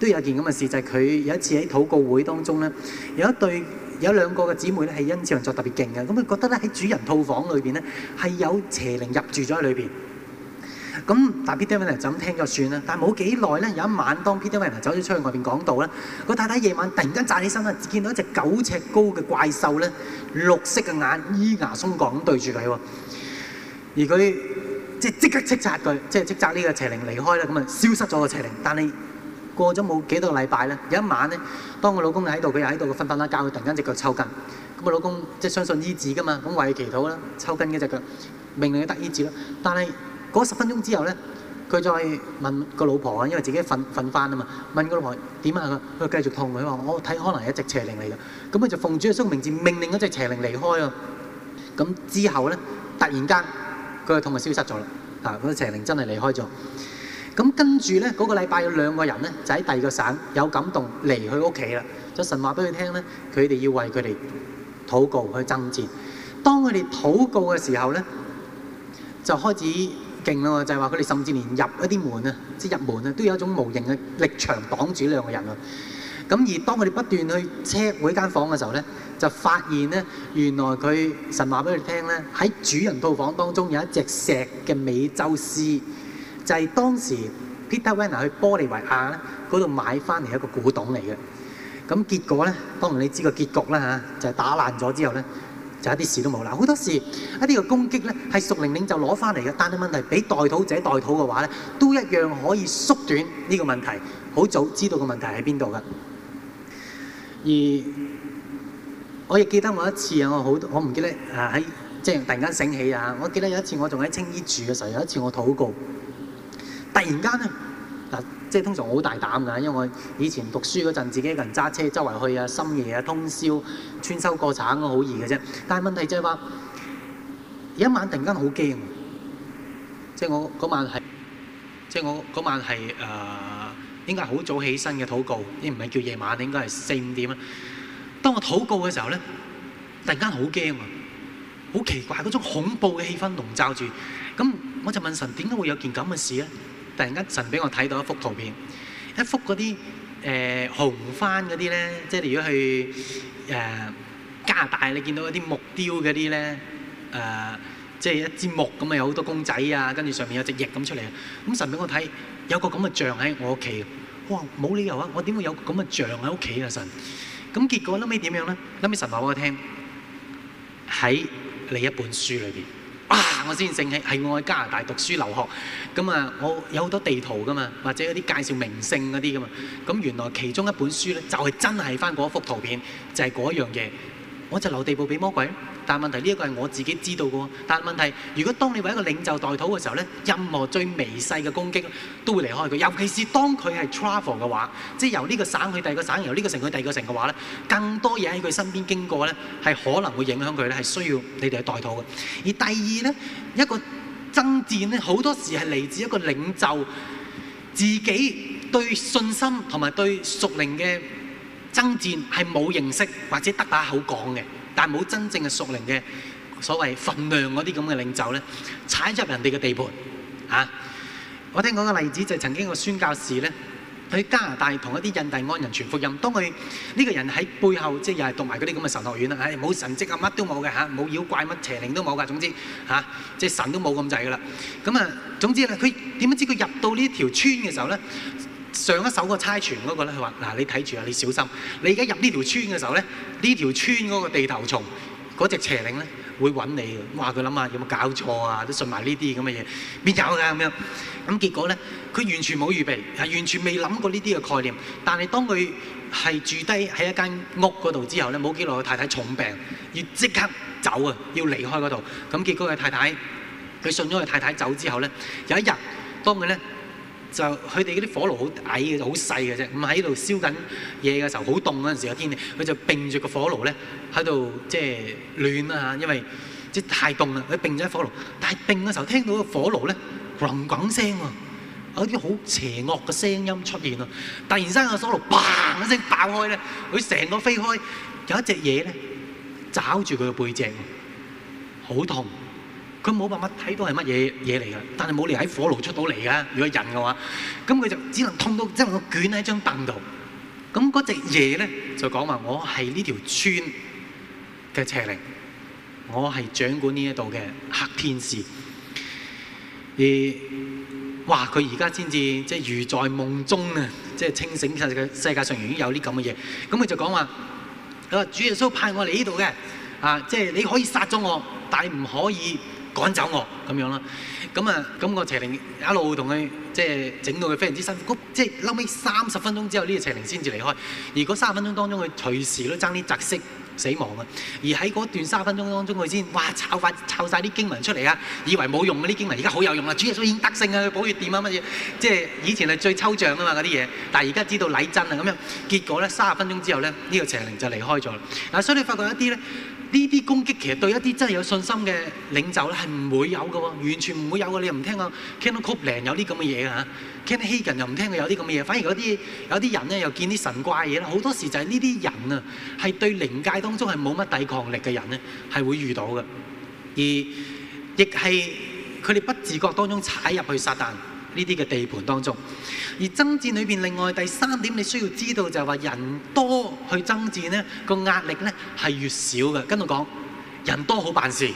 [SPEAKER 1] 都有一件咁嘅事，就係、是、佢有一次喺禱告會當中呢，有一對有兩個嘅姊妹是係恩賜上作特別勁嘅，咁佢覺得在喺主人套房裏面呢，係有邪靈入住咗喺裏咁但 Peter Martin 就咁聽就算啦。但係冇幾耐咧，有一晚當 Peter Martin 走咗出去外邊講道咧，個太太夜晚突然間炸起身啦，見到一隻九尺高嘅怪獸咧，綠色嘅眼，咿牙鬆槓對對住佢喎。而佢即係即刻叱責佢，即係叱責呢個邪靈離開啦。咁啊，消失咗個邪靈。但係過咗冇幾多個禮拜咧，有一晚咧，當個老公喺度，佢又喺度瞓瞓啦，教佢突然間隻腳抽筋。咁個老公即係相信醫治噶嘛，咁為祈禱啦，抽筋隻腳，命令佢得醫治啦。但嗰十分鐘之後咧，佢再問個老婆啊，因為自己瞓瞓翻啊嘛，問個老婆點啊？佢佢繼續痛，佢話：我睇可能係一隻邪靈嚟㗎。咁佢就奉主嘅聖名字命令嗰隻邪靈離開啊！咁之後咧，突然間佢嘅痛就消失咗啦。啊，嗰隻邪靈真係離開咗。咁跟住咧，嗰個禮拜有兩個人咧，就喺第二個省有感動，離去屋企啦。就神話俾佢聽咧，佢哋要為佢哋禱告去爭戰。當佢哋禱告嘅時候咧，就開始。勁咯，就係話佢哋甚至連入一啲門啊，即係入門啊，都有一種無形嘅力場擋住兩個人啊。咁而當佢哋不斷去 check 嗰間房嘅時候咧，就發現咧，原來佢神話俾佢哋聽咧，喺主人套房當中有一隻石嘅美洲獅，就係、是、當時 Peter Werner 去玻利維亞嗰度買翻嚟一個古董嚟嘅。咁結果咧，當然你知個結局啦嚇，就係、是、打爛咗之後咧。就一啲事都冇啦，好多事一啲嘅攻擊咧，係屬靈領就攞翻嚟嘅。單單問題，俾代禱者代禱嘅話咧，都一樣可以縮短呢個問題。好早知道個問題喺邊度㗎。而我亦記得我一次啊，我好我唔記得啊，喺即係突然間醒起啊，我記得有一次我仲喺青衣住嘅時候，有一次我禱告，突然間咧嗱。即係通常我好大膽㗎，因為我以前讀書嗰陣，自己一個人揸車周圍去啊，深夜啊，通宵穿州過省都好易嘅啫。但係問題即係話，有一晚突然間好驚。即係我嗰晚係，即係我嗰晚係誒，應該係好早起身嘅禱告，依唔係叫夜晚，應該係四五點啦。當我禱告嘅時候咧，突然間好驚啊，好奇怪嗰種恐怖嘅氣氛籠罩住。咁我就問神，點解會有件咁嘅事咧？突然間，神俾我睇到一幅圖片，一幅嗰啲誒紅番嗰啲咧，即係如果去誒加拿大，你見到一啲木雕嗰啲咧，誒即係一枝木咁啊，有好多公仔啊，跟住上面有隻翼咁出嚟啊。咁神俾我睇，有個咁嘅像喺我屋企，哇！冇理由啊，我點會有個咁嘅像喺屋企啊，神？咁結果諗起點樣咧？諗起神話我聽喺你一本書裏邊。啊、我先醒起，係我去加拿大讀書留學，咁啊，我有好多地圖噶嘛，或者嗰啲介紹名勝嗰啲噶嘛，咁原來其中一本書咧就係真係翻嗰幅圖片，就係嗰樣嘢，我就留地步俾魔鬼。但問題呢一個係我自己知道嘅。但問題，如果當你為一個領袖代禱嘅時候咧，任何最微細嘅攻擊都會離開佢。尤其是當佢係 travel 嘅話，即係由呢個省去第二個省，由呢個城去第二個城嘅話咧，更多嘢喺佢身邊經過咧，係可能會影響佢咧，係需要你哋去代禱嘅。而第二咧，一個爭戰咧，好多時係嚟自一個領袖自己對信心同埋對屬靈嘅爭戰係冇認識或者得把口講嘅。但冇真正嘅屬靈嘅所謂份量嗰啲咁嘅領袖咧，踩入人哋嘅地盤啊！我聽講個例子就係曾經個宣教士咧，喺加拿大同一啲印第安人傳福音。當佢呢個人喺背後即係又係讀埋嗰啲咁嘅神學院啦，唉冇神跡啊，乜都冇嘅嚇，冇妖怪，乜邪靈都冇噶。總之嚇、啊，即係神都冇咁滯噶啦。咁啊，總之咧，佢點樣知佢入到呢條村嘅時候咧？上一手個差傳嗰個咧，佢話：嗱，你睇住啊，你小心！你而家入呢條村嘅時候咧，呢條村嗰個地頭蟲，嗰隻邪靈咧，會揾你嘅。我話佢諗下有冇搞錯啊？都信埋呢啲咁嘅嘢，邊有㗎咁樣？咁結果咧，佢完全冇預備，係完全未諗過呢啲嘅概念。但係當佢係住低喺一間屋嗰度之後咧，冇幾耐個太太重病，要即刻走啊，要離開嗰度。咁結果個太，太太，佢信咗個太太走之後咧，有一日當佢咧。就佢哋嗰啲火爐好矮嘅，好細嘅啫。咁喺度燒緊嘢嘅時候，好凍嗰陣時嘅天氣，佢就並住個火爐咧，喺度即係暖啊。因為即係太凍啦，佢並住喺火爐。但係並嘅時候聽到個火爐咧，轟轟聲喎，有啲好邪惡嘅聲音出現咯。突然間個火爐砰一聲爆開咧，佢成個飛開，有一隻嘢咧抓住佢嘅背脊，好痛。佢冇辦法睇到係乜嘢嘢嚟㗎，但係冇理由喺火爐出到嚟㗎。如果人嘅話，咁佢就只能痛到即係、只能、我捲喺張凳度。咁嗰隻嘢咧就講話：我係呢條村嘅邪靈，我係掌管呢一度嘅黑天使。而、呃、哇！佢而家先至即係如在夢中啊！即、就、係、是、清醒嘅世界上已經有啲咁嘅嘢。咁佢就講話：佢話主耶穌派我嚟呢度嘅啊！即、就、係、是、你可以殺咗我，但係唔可以，趕走我咁樣啦，咁啊咁個邪靈一路同佢即係整到佢非常之辛苦，即係嬲尾三十分鐘之後呢個邪靈先至離開。而嗰三十分鐘當中佢隨時都爭啲窒息死亡啊！而喺嗰段三十分鐘當中佢先哇抄返抄曬啲經文出嚟啊！以為冇用嘅啲經文，而家好有用啊。主要已經得勝啊、寶月殿啊乜嘢，即係以前係最抽象啊嘛嗰啲嘢，但係而家知道禮真啊咁樣。結果咧，三十分鐘之後咧，呢個邪靈就離開咗啦。嗱，所以你發覺一啲咧。呢啲攻擊其實對一啲真係有信心嘅領袖咧，係唔會有嘅喎，完全唔會有嘅。你又唔聽過、啊、Kenneth Copeland 有啲咁嘅嘢嘅嚇。Kenneth Hagin 又唔聽過有啲咁嘅嘢。反而啲有啲有啲人咧又見啲神怪嘢啦，好多時就係呢啲人啊，係對靈界當中係冇乜抵抗力嘅人咧，係會遇到嘅，而亦係佢哋不自覺當中踩入去撒但呢啲嘅地盤當中，而爭戰裏邊另外第三點你需要知道就係話人多去爭戰咧，個壓力咧係越少嘅。跟我講，人多好辦事。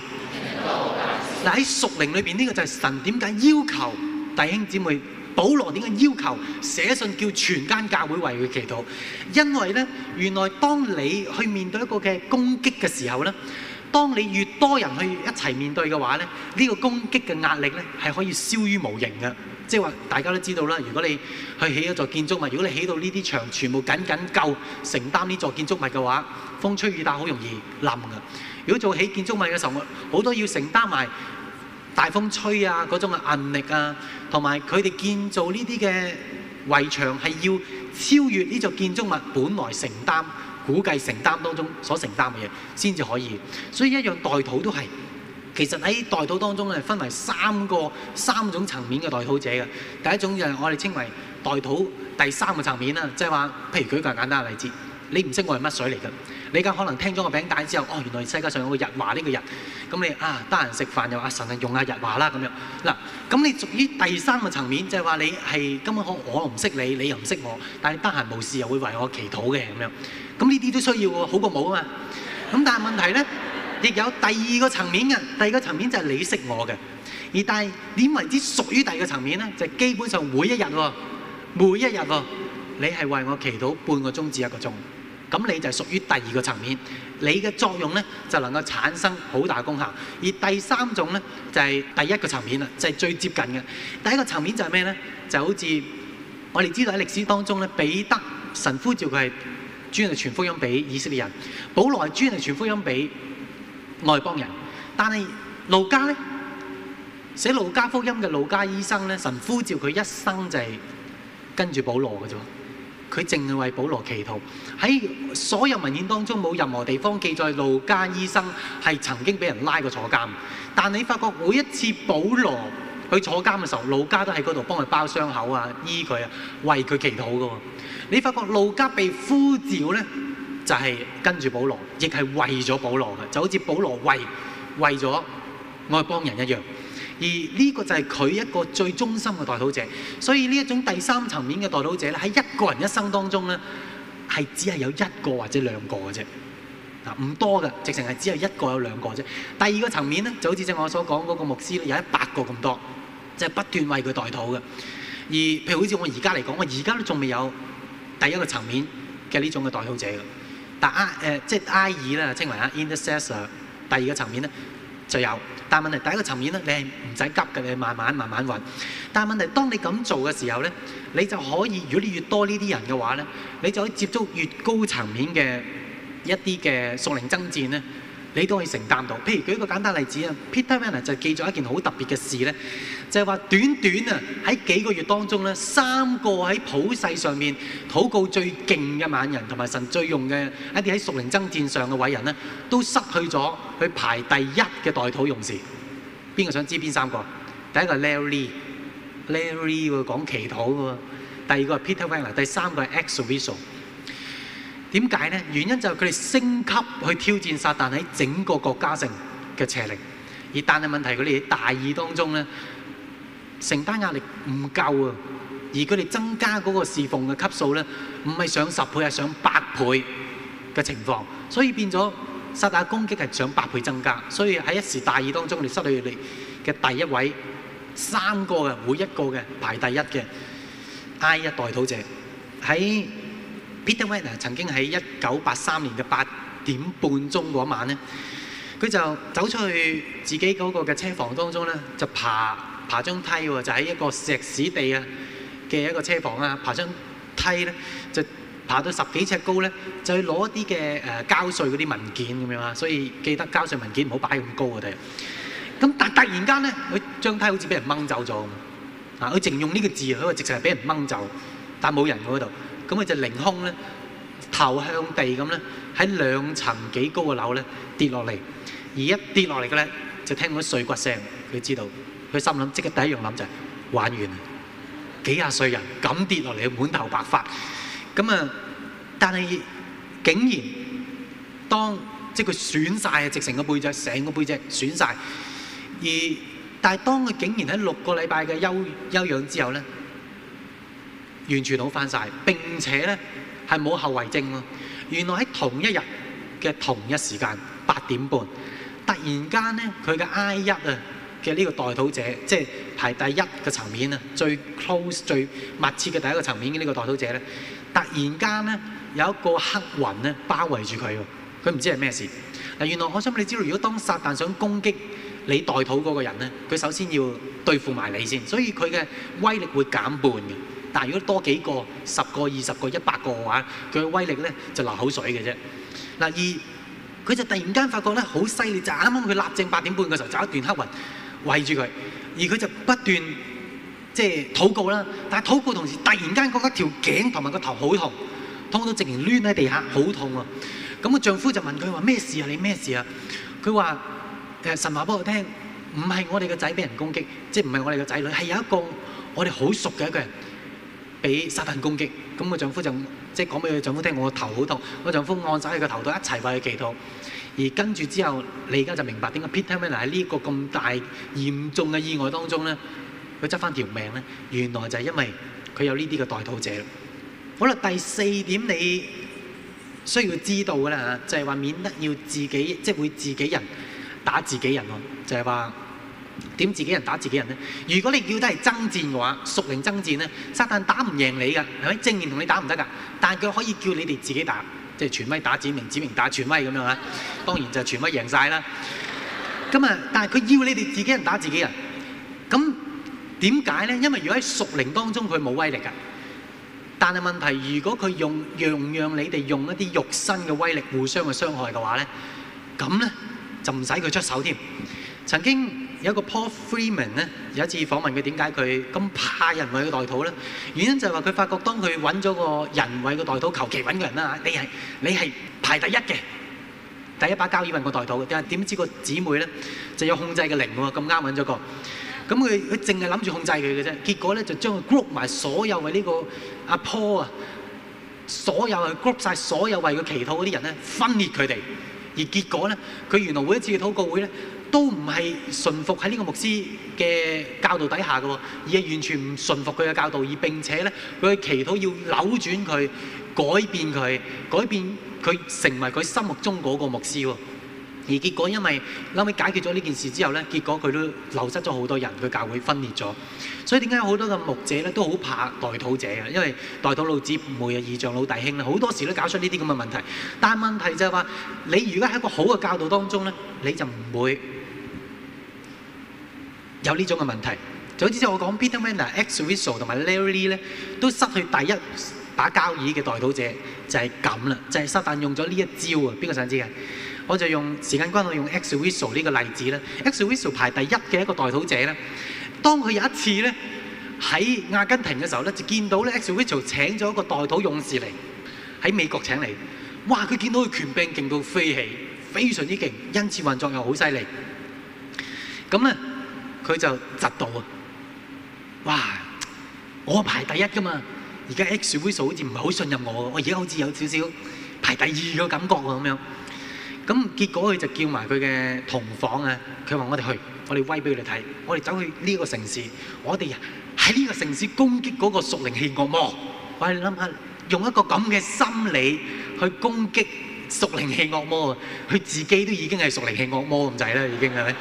[SPEAKER 1] 嗱，喺屬靈裏邊呢個就係神點解要求弟兄姊妹，保羅點解要求寫信叫全間教會為佢祈禱，因為咧原來當你去面對一個嘅攻擊嘅時候咧，當你越多人去一齊面對嘅話咧，呢個攻擊嘅壓力咧係可以消於無形嘅。即係話，大家都知道啦。如果你去起一座建築物，如果你起到呢啲牆，全部僅僅夠承擔呢座建築物嘅話，風吹雨打好容易冧㗎。如果做起建築物嘅時候，好多要承擔埋大風吹啊嗰種壓力啊，同埋佢哋建造呢啲嘅圍牆係要超越呢座建築物本來承擔、估計承擔當中所承擔嘅嘢，先至可以。所以一樣代禱都係。其實喺代禱當中咧，分為三個、三種層面嘅代禱者嘅。第一種就係我哋稱為代禱第三個層面啦，即係話，譬如舉個簡單嘅例子，你唔識我係乜水嚟嘅，你而家可能聽咗個餅帶之後，哦，原來世界上有個日華呢個人，咁你啊得閒食飯又阿神用啊用下日華啦咁樣。嗱，咁你屬於第三個層面就，即係話你係根本可我唔識你，你又唔識我，但係得閒無事又會為我祈禱嘅咁樣。咁呢啲都需要好過冇啊嘛。咁但係問題咧。亦有第二個層面嘅，第二個層面就係你識我嘅。而但係點為之屬於第二個層面呢？就是、基本上每一日喎，每一日喎，你係為我祈禱半個鐘至一個鐘，咁你就係屬於第二個層面。你嘅作用呢，就能夠產生好大功效。而第三種呢，就係、是、第一個層面啦，就係、是、最接近嘅。第一個層面就係咩呢？就好似我哋知道喺歷史當中呢，彼得神呼召佢係專嚟傳福音俾以色列人，保羅專嚟傳福音俾。外邦人，但係路加咧，寫路加福音嘅路加醫生咧，神呼召佢一生就係跟住保羅嘅啫，佢淨係為保羅祈禱。喺所有文獻當中冇任何地方記載路加醫生係曾經俾人拉過坐監，但你發覺每一次保羅去坐監嘅時候，路加都喺嗰度幫佢包傷口啊、醫佢啊、為佢祈禱噶。你發覺路加被呼召咧？就係跟住保羅，亦係為咗保羅嘅，就好似保羅為為咗外邦人一樣。而呢個就係佢一個最忠心嘅代禱者。所以呢一種第三層面嘅代禱者咧，喺一個人一生當中咧，係只係有一個或者兩個嘅啫。嗱、啊，唔多嘅，直情係只有一個有兩個啫。第二個層面咧，就好似正我所講嗰個牧師咧，有一百個咁多，即、就、係、是、不斷為佢代禱嘅。而譬如好似我而家嚟講，我而家都仲未有第一個層面嘅呢種嘅代禱者嘅。但 I、呃、即係，I 二啦，稱為啊 intercessor，第二個層面咧就有。但問題第一個層面咧，你係唔使急嘅，你係慢慢慢慢運。但問題當你咁做嘅時候咧，你就可以越嚟越多呢啲人嘅話咧，你就可以接觸越高層面嘅一啲嘅屬靈爭戰咧。你都可以承擔到。譬如舉一個簡單例子 Peter Wagner 就記咗一件好特別嘅事就係話短短啊喺幾個月當中呢三個喺普世上面禱告最勁嘅猛人，同埋神最用嘅一啲喺屬靈爭戰上嘅偉人呢都失去咗去排第一嘅代禱勇士。邊個想知邊三個？第一個 Larry，Larry 會講祈禱嘅喎；第二個係 Peter Wagner，第三個 Exo Vis 點解咧？原因就係佢哋升級去挑戰撒旦喺整個國家城嘅邪靈，而但係問題佢哋喺大意當中咧，承擔壓力唔夠啊！而佢哋增加嗰個侍奉嘅級數咧，唔係上十倍啊，係上百倍嘅情況，所以變咗撒旦攻擊係上百倍增加，所以喺一時大意當中，你失去你嘅第一位三個嘅每一個嘅排第一嘅 I 一代土著喺。Peter Wagner 曾經喺一九八三年嘅八點半鐘嗰晚咧，佢就走出去自己嗰個嘅車房當中咧，就爬爬張梯喎，就喺一個石屎地啊嘅一個車房啊，爬張梯咧就爬到十幾尺高咧，就去攞一啲嘅誒交稅嗰啲文件咁樣啊，所以記得交稅文件唔好擺咁高嘅。咁但突然間咧，佢張梯好似俾人掹走咗，啊！佢淨用呢個字，佢話直情係俾人掹走，但冇人喺度。咁佢就凌空咧，頭向地咁咧，喺兩層幾高嘅樓咧跌落嚟，而一跌落嚟嘅咧就聽到碎骨聲，佢知道，佢心諗即刻第一樣諗就係玩完，幾廿歲人咁跌落嚟，滿頭白髮，咁啊，但係竟然當即佢損曬啊，直成個背脊，成個背脊損曬，而但係當佢竟然喺六個禮拜嘅休休養之後咧。完全好翻晒，並且呢係冇後遺症咯。原來喺同一日嘅同一時間八點半，突然間呢，佢嘅 I 一啊嘅呢個代禱者，即係排第一嘅層面啊，最 close 最密切嘅第一個層面嘅呢個代禱者呢，突然間呢有一個黑雲呢包圍住佢，佢唔知係咩事嗱。原來我想你知道，如果當撒旦想攻擊你代禱嗰個人呢，佢首先要對付埋你先，所以佢嘅威力會減半嘅。但如果多幾個十個、二十個、一百個嘅話，佢嘅威力咧就流口水嘅啫。嗱，而佢就突然間發覺咧好犀利，就啱啱佢立正八點半嘅時候，就一段黑雲圍住佢，而佢就不斷即係禱告啦。但係禱告同時，突然間覺得條頸同埋個頭好痛，在痛到直然攣喺地下，好痛啊！咁個丈夫就問佢話：咩事啊？你咩事啊？佢話：其實神話，俾我聽，唔係我哋嘅仔俾人攻擊，即係唔係我哋嘅仔女，係有一個我哋好熟嘅一個人。俾殺人攻擊，咁、那個丈夫就即係講俾佢丈夫聽，我頭好痛，個丈夫按晒佢個頭度一齊為佢祈禱，而跟住之後，你而家就明白點解 Peter m 那喺呢個咁大嚴重嘅意外當中咧，佢執翻條命咧，原來就係因為佢有呢啲嘅代禱者。好啦，第四點你需要知道嘅啦，就係、是、話免得要自己即係、就是、會自己人打自己人咯，就係、是、話。點自己人打自己人呢？如果你叫得係爭戰嘅話，屬靈爭戰呢，撒旦打唔贏你嘅，係咪正面同你打唔得㗎？但係佢可以叫你哋自己打，即係全威打指明指明打全威咁樣啊！當然就係全威贏晒啦。咁啊，但係佢要你哋自己人打自己人，咁點解呢？因為如果喺屬靈當中佢冇威力㗎，但係問題如果佢用讓讓你哋用一啲肉身嘅威力互相嘅傷害嘅話呢，咁呢，就唔使佢出手添。曾經有一個 Paul Freeman 咧，有一次訪問佢點解佢咁怕人為嘅代禱咧？原因就係話佢發覺當佢揾咗個人為嘅代禱，求其揾個人啦嚇，你係你係排第一嘅第一把交椅，揾個代禱嘅，但係點知個姊妹咧就有控制嘅靈喎，咁啱揾咗個咁佢佢淨係諗住控制佢嘅啫，結果咧就將佢 group 埋所有為呢個阿、啊、Paul 啊，所有 group 晒所有為佢祈禱嗰啲人咧分裂佢哋，而結果咧佢原來每一次嘅禱告會咧。都唔係順服喺呢個牧師嘅教導底下嘅，而係完全唔順服佢嘅教導，而並且咧佢祈禱要扭轉佢、改變佢、改變佢成為佢心目中嗰個牧師。而結果因為後尾解決咗呢件事之後咧，結果佢都流失咗好多人，佢教會分裂咗。所以點解好多嘅牧者咧都好怕代禱者啊？因為代禱老姊妹、異象老弟兄咧，好多時都搞出呢啲咁嘅問題。但係問題就係話，你如果喺一個好嘅教導當中咧，你就唔會。有呢種嘅問題，就好似我講 Peter Mena、Xwiso 同埋 Larry Lee，都失去第一把交椅嘅代禱者就係咁啦，就係撒但用咗呢一招啊！邊個想知嘅？我就用時間關係，我用 Xwiso 呢個例子啦。Xwiso 排第一嘅一個代禱者咧，當佢有一次咧喺阿根廷嘅時候咧，就見到咧 Xwiso 請咗一個代禱勇士嚟喺美國請嚟，哇！佢見到佢權柄勁到飛起，非常之勁，因此運作又好犀利。咁咧。佢就窒到啊！哇！我排第一㗎嘛，而家 X 威數好似唔係好信任我，我而家好似有少少排第二嘅感覺喎咁樣。咁結果佢就叫埋佢嘅同房啊，佢話我哋去，我哋威俾佢哋睇，我哋走去呢個城市，我哋啊，喺呢個城市攻擊嗰個屬靈氣惡魔。我哋諗下，用一個咁嘅心理去攻擊屬靈氣惡魔啊，佢自己都已經係屬靈氣惡魔咁滯啦，已經係咪？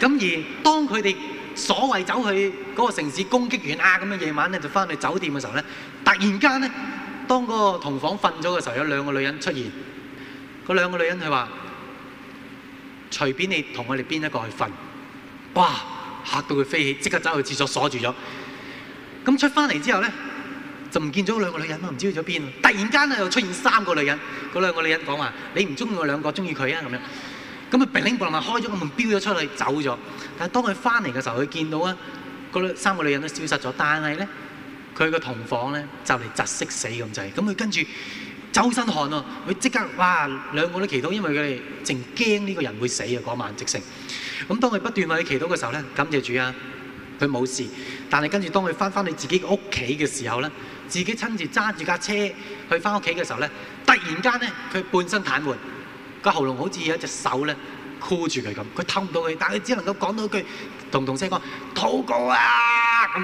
[SPEAKER 1] 咁而當佢哋所謂走去嗰個城市攻擊完啊，咁樣，夜晚咧就翻去酒店嘅時候咧，突然間咧，當個同房瞓咗嘅時候，有兩個女人出現。嗰兩個女人佢話：隨便你同我哋邊一個去瞓。哇！嚇到佢飛起，即刻走去廁所鎖住咗。咁出翻嚟之後咧，就唔見咗兩個女人啦，唔知去咗邊。突然間咧又出現三個女人，嗰兩個女人講話：你唔中意我兩個，中意佢啊咁樣。咁啊，bling 開咗個門，飈咗出嚟，走咗。但係當佢翻嚟嘅時候，佢見到啊，嗰三個女人都消失咗。但係呢，佢個同房呢，就嚟窒息死咁係咁，佢跟住周身汗喎，佢即刻哇，兩個都祈禱，因為佢哋淨驚呢個人會死啊嗰、那個、晚直情。咁當佢不斷喺度祈禱嘅時候呢，感謝主啊，佢冇事。但係跟住當佢返翻你自己屋企嘅時候呢，自己親自揸住架車去返屋企嘅時候呢，突然間呢，佢半身癱瘓。個喉嚨好似有一隻手咧箍住佢咁，佢唞唔到氣，但係佢只能夠講到一句同同聲講禱告啊咁，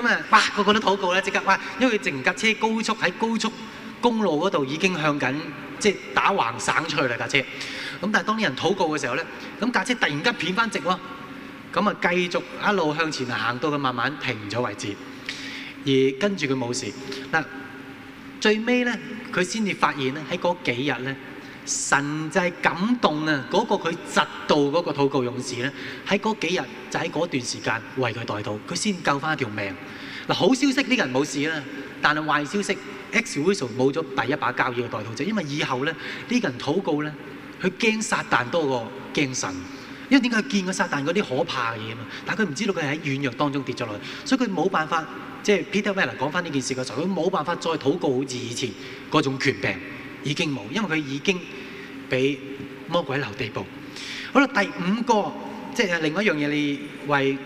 [SPEAKER 1] 咁啊哇個個都禱告咧，即刻哇，因為成架車高速喺高速公路嗰度已經向緊即係打橫省出去啦架車，咁但係當啲人禱告嘅時候咧，咁架車突然間偏翻直喎，咁啊繼續一路向前啊行到佢慢慢停咗為止，而跟住佢冇事嗱，最尾咧佢先至發現咧喺嗰幾日咧。神就係感動啊！嗰、那個佢窒到嗰個禱告勇士咧，喺嗰幾日就喺嗰段時間為佢代禱，佢先救翻一條命。嗱、啊，好消息呢個人冇事啦，但係壞消息，X 會數冇咗第一把交椅嘅代禱者，因為以後咧呢個人禱告咧，佢驚撒旦多過驚神，因為點解佢見過撒旦嗰啲可怕嘅嘢啊嘛？但係佢唔知道佢係喺軟弱當中跌咗落去，所以佢冇辦法即係 Peter Weller 講翻呢件事嘅時候，佢冇辦法再禱告好似以前嗰種權柄已經冇，因為佢已經。俾魔鬼留地步，好啦，第五個即係另一樣嘢，你為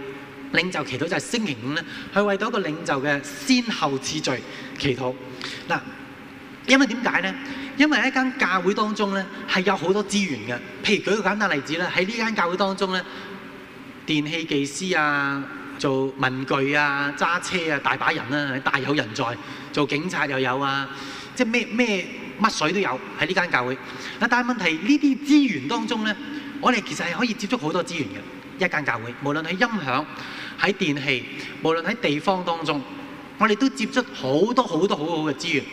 [SPEAKER 1] 領袖祈禱就係星期五咧，去為到一個領袖嘅先後次序祈禱嗱，因為點解咧？因為一間教會當中咧係有好多資源嘅，譬如舉個簡單例子啦，喺呢間教會當中咧，電器技師啊，做文具啊、揸車啊，大把人啊，大有人在，做警察又有啊，即係咩咩。乜水都有喺呢間教會，嗱但係問題呢啲資源當中呢，我哋其實係可以接觸好多資源嘅一間教會，無論喺音響、喺電器，無論喺地方當中，我哋都接觸好多好多好好嘅資源。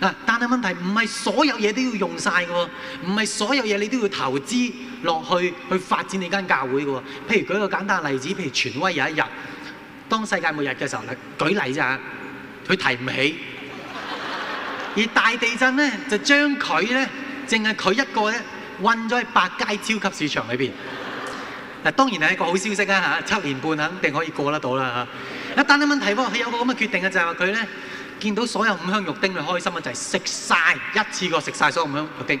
[SPEAKER 1] 嗱，但係問題唔係所有嘢都要用晒㗎喎，唔係所有嘢你都要投資落去去發展你間教會㗎喎。譬如舉一個簡單例子，譬如傳威有一日當世界末日嘅時候，舉例咋，佢提唔起。而大地震呢，就將佢呢，淨係佢一個呢，困咗喺百佳超級市場裏面。嗱，當然係一個好消息啊吓，七年半肯定可以過得到啦吓。一但係問題，佢有個咁嘅決定嘅就係話佢呢，見到所有五香肉丁佢開心啊，就係食晒，一次過食晒所有五香肉丁。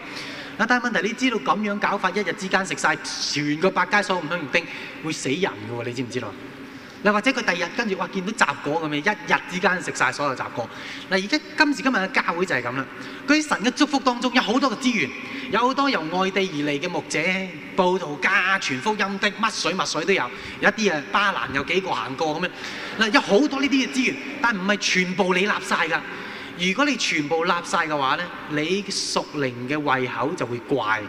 [SPEAKER 1] 但係問題，你知道咁樣搞法，一日之間食晒全個百佳所有五香肉丁，會死人㗎喎，你知唔知道？嗱，或者佢第二日跟住，哇，見到雜果咁樣，一日之間食曬所有雜果。嗱，而家今時今日嘅教會就係咁啦。嗰啲神嘅祝福當中有好多嘅資源，有好多由外地而嚟嘅牧者、佈道家、傳福音的，乜水乜水都有。有啲啊巴蘭有幾個行過咁樣。嗱，有好多呢啲嘅資源，但唔係全部你納曬㗎。如果你全部納曬嘅話咧，你屬靈嘅胃口就會怪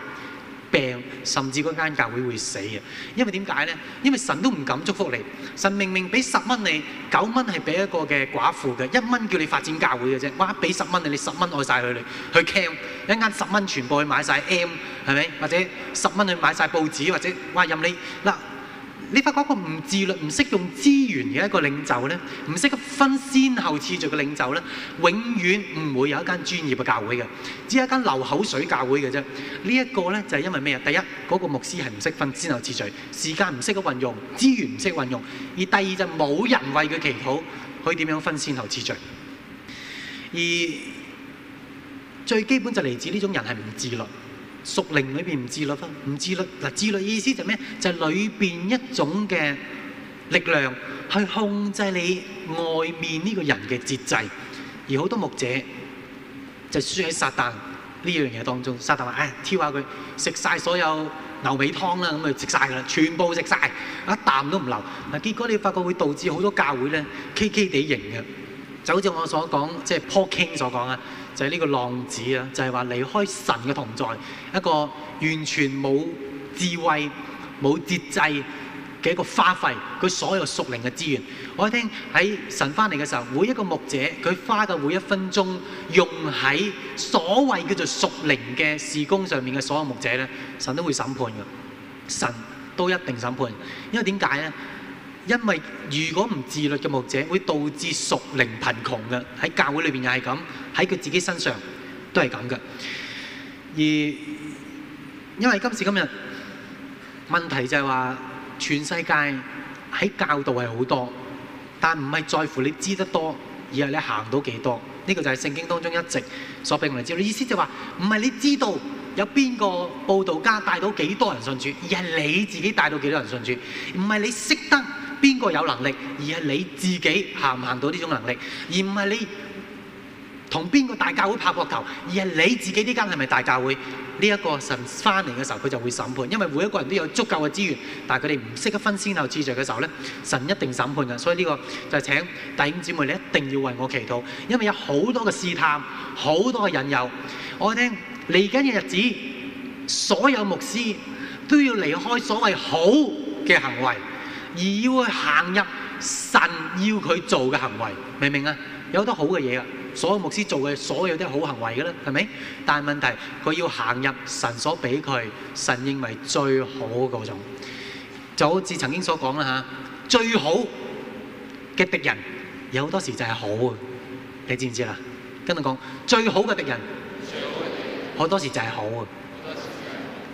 [SPEAKER 1] 病甚至嗰間教會會死嘅，因為點解呢？因為神都唔敢祝福你，神明明俾十蚊你，九蚊係俾一個嘅寡婦嘅，一蚊叫你發展教會嘅啫。哇！俾十蚊你，你十蚊愛曬佢哋，去 Camp 一間十蚊全部去買曬 M 係咪？或者十蚊去買曬報紙，或者哇任你、啊你發覺一個唔自律、唔識用資源嘅一個領袖呢？唔識分先後次序嘅領袖呢？永遠唔會有一間專業嘅教會嘅，只有一間流口水教會嘅啫。呢、這、一個呢，就係因為咩？第一，嗰、那個牧師係唔識分先後次序，時間唔識得運用，資源唔識運用；而第二就冇人為佢祈禱，佢點樣分先後次序？而最基本就嚟自呢種人係唔自律。熟靈裏邊唔自律啊？唔自律。嗱，自律，自律意思就咩？就係裏邊一種嘅力量去控制你外面呢個人嘅節制。而好多牧者就輸喺撒旦呢樣嘢當中。撒旦話：誒、哎、挑下佢，食晒所有牛尾湯啦，咁就食晒㗎啦，全部食晒，一啖都唔留。嗱，結果你發覺會導致好多教會咧，畸畸哋型嘅，就好似我所講，即、就、係、是、Paul King 所講啊。就係呢個浪子啊！就係話離開神嘅同在，一個完全冇智慧、冇節制嘅一個花費佢所有屬靈嘅資源。我一聽喺神翻嚟嘅時候，每一個牧者佢花嘅每一分鐘用喺所謂叫做屬靈嘅事工上面嘅所有牧者咧，神都會審判嘅，神都一定審判，因為點解咧？因為如果唔自律嘅牧者，會導致屬靈貧窮嘅。喺教會裏邊又係咁，喺佢自己身上都係咁嘅。而因為今時今日問題就係話，全世界喺教導係好多，但唔係在乎你知得多，而係你行到幾多。呢個就係聖經當中一直所俾我哋知道。意思就係話，唔係你知道有邊個佈道家帶到幾多人信主，而係你自己帶到幾多人信主。唔係你識得邊個有能力，而係你自己行唔行到呢種能力，而唔係你同邊個大教會拍膊頭，而係你自己呢間係咪大教會？呢一個神翻嚟嘅時候，佢就會審判，因為每一個人都有足夠嘅資源，但係佢哋唔識得分先後次序嘅時候咧，神一定審判嘅。所以呢個就係請弟兄姊妹你一定要為我祈禱，因為有好多嘅試探，好多嘅引誘。我聽嚟緊嘅日子，所有牧師都要離開所謂好嘅行為。而要去行入神要佢做嘅行為，明唔明啊？有好多好嘅嘢啊！所有牧師做嘅所有都係好行為嘅啦，係咪？但係問題，佢要行入神所俾佢，神認為最好嗰種，就好似曾經所講啦嚇。最好嘅敵人有好多時就係好啊！你知唔知啦？跟住講最好嘅敵人，好多時就係好啊！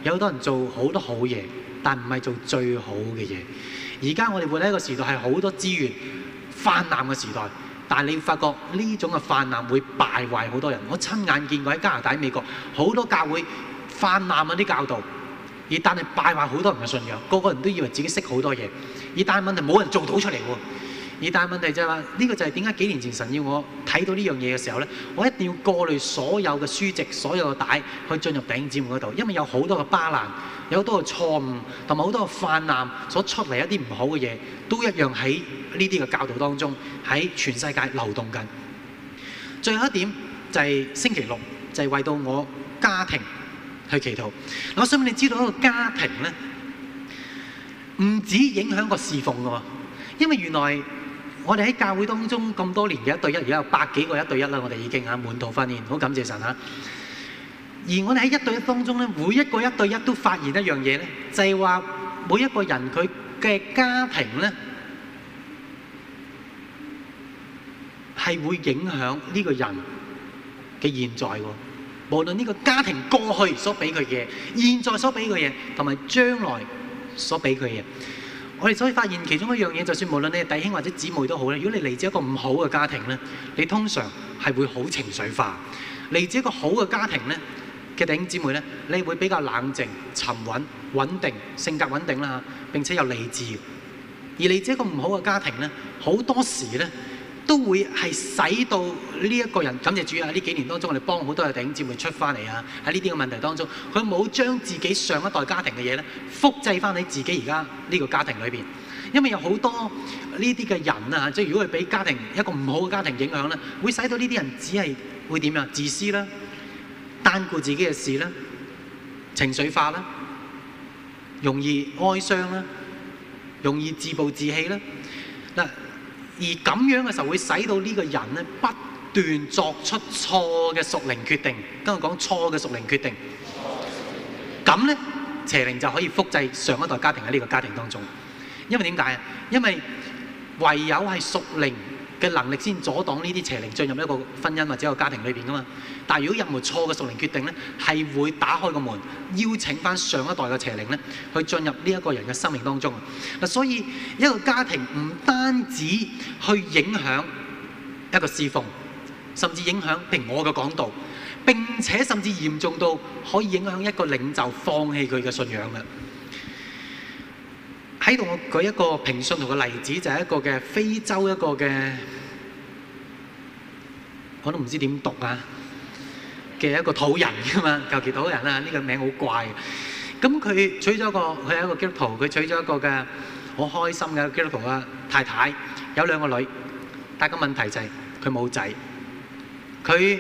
[SPEAKER 1] 有好多人做好多好嘢，但唔係做最好嘅嘢。而家我哋活喺一個時代係好多資源泛濫嘅時代，但係你會發覺呢種嘅泛濫會敗壞好多人。我親眼見過喺加拿大、美國，好多教會泛濫嗰啲教導，而但係敗壞好多人嘅信仰，個個人都以為自己識好多嘢，而但係問題冇人做到出嚟喎。而但係問題就係話呢個就係點解幾年前神要我睇到呢樣嘢嘅時候呢，我一定要過濾所有嘅書籍、所有嘅帶去進入弟兄姊妹嗰度，因為有好多嘅巴蘭，有好多嘅錯誤，同埋好多嘅泛濫所出嚟一啲唔好嘅嘢，都一樣喺呢啲嘅教導當中喺全世界流動緊。最後一點就係星期六就係、是、為到我家庭去祈禱。我想問你知道一個家庭呢，唔止影響個侍奉㗎喎，因為原來。我哋喺教會當中咁多年嘅一對一，而家有百幾個一對一啦，我哋已經啊，門徒訓練，好感謝神啊！而我哋喺一對一當中咧，每一個一對一都發現一樣嘢咧，就係話每一個人佢嘅家庭咧，係會影響呢個人嘅現在喎。無論呢個家庭過去所俾佢嘅，現在所俾佢嘅，同埋將來所俾佢嘅。我哋所以發現其中一樣嘢，就算無論你係弟兄或者姊妹都好咧，如果你嚟自一個唔好嘅家庭咧，你通常係會好情緒化；嚟自一個好嘅家庭咧嘅弟兄姊妹咧，你會比較冷靜、沉穩、穩定、性格穩定啦嚇，並且有理智。而嚟自一個唔好嘅家庭咧，好多時咧，都會係使到呢一個人感謝主啊！呢幾年當中，我哋幫好多嘅弟兄姊妹出翻嚟啊！喺呢啲嘅問題當中，佢冇將自己上一代家庭嘅嘢咧複製翻喺自己而家呢個家庭裏邊，因為有好多呢啲嘅人啊，即係如果佢俾家庭一個唔好嘅家庭影響咧，會使到呢啲人只係會點呀？自私啦，單顧自己嘅事啦，情緒化啦，容易哀傷啦，容易自暴自棄啦。而咁樣嘅時候會使到呢個人咧不斷作出錯嘅屬靈決定，跟我講錯嘅屬靈決定。咁咧邪靈就可以複製上一代家庭喺呢個家庭當中，因為點解啊？因為唯有係屬靈嘅能力先阻擋呢啲邪靈進入一個婚姻或者一個家庭裏邊㗎嘛。但係，如果有冇錯嘅屬靈決定咧，係會打開個門，邀請翻上一代嘅邪靈咧，去進入呢一個人嘅生命當中啊！嗱，所以一個家庭唔單止去影響一個侍奉，甚至影響譬如我嘅講道，並且甚至嚴重到可以影響一個領袖放棄佢嘅信仰啦。喺度我舉一個平信徒嘅例子，就係一個嘅非洲一個嘅，我都唔知點讀啊！嘅一個土人㗎嘛，舊時土人啊，呢個名好怪。咁佢娶咗個，佢係一個基督徒，佢娶咗一個嘅好開心嘅基督徒嘅太太，有兩個女。但個問題就係佢冇仔。佢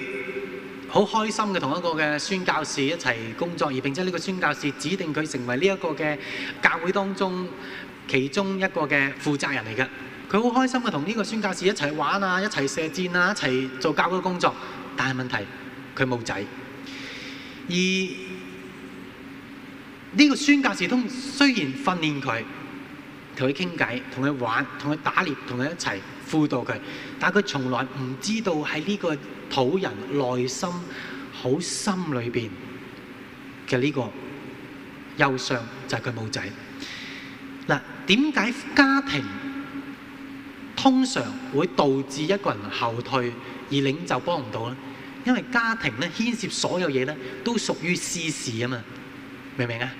[SPEAKER 1] 好開心嘅同一個嘅宣教士一齊工作，而並且呢個宣教士指定佢成為呢一個嘅教會當中其中一個嘅負責人嚟嘅。佢好開心嘅同呢個宣教士一齊玩啊，一齊射箭啊，一齊做教會工作。但係問題。佢冇仔，而呢個宣教士通雖然訓練佢，同佢傾偈，同佢玩，同佢打獵，同佢一齊輔導佢，但係佢從來唔知道喺呢個土人內心好心裏邊嘅呢個憂傷就係佢冇仔。嗱，點解家庭通常會導致一個人後退而領袖幫唔到呢？因為家庭咧，牽涉所有嘢咧，都屬於私事啊嘛，明唔明啊？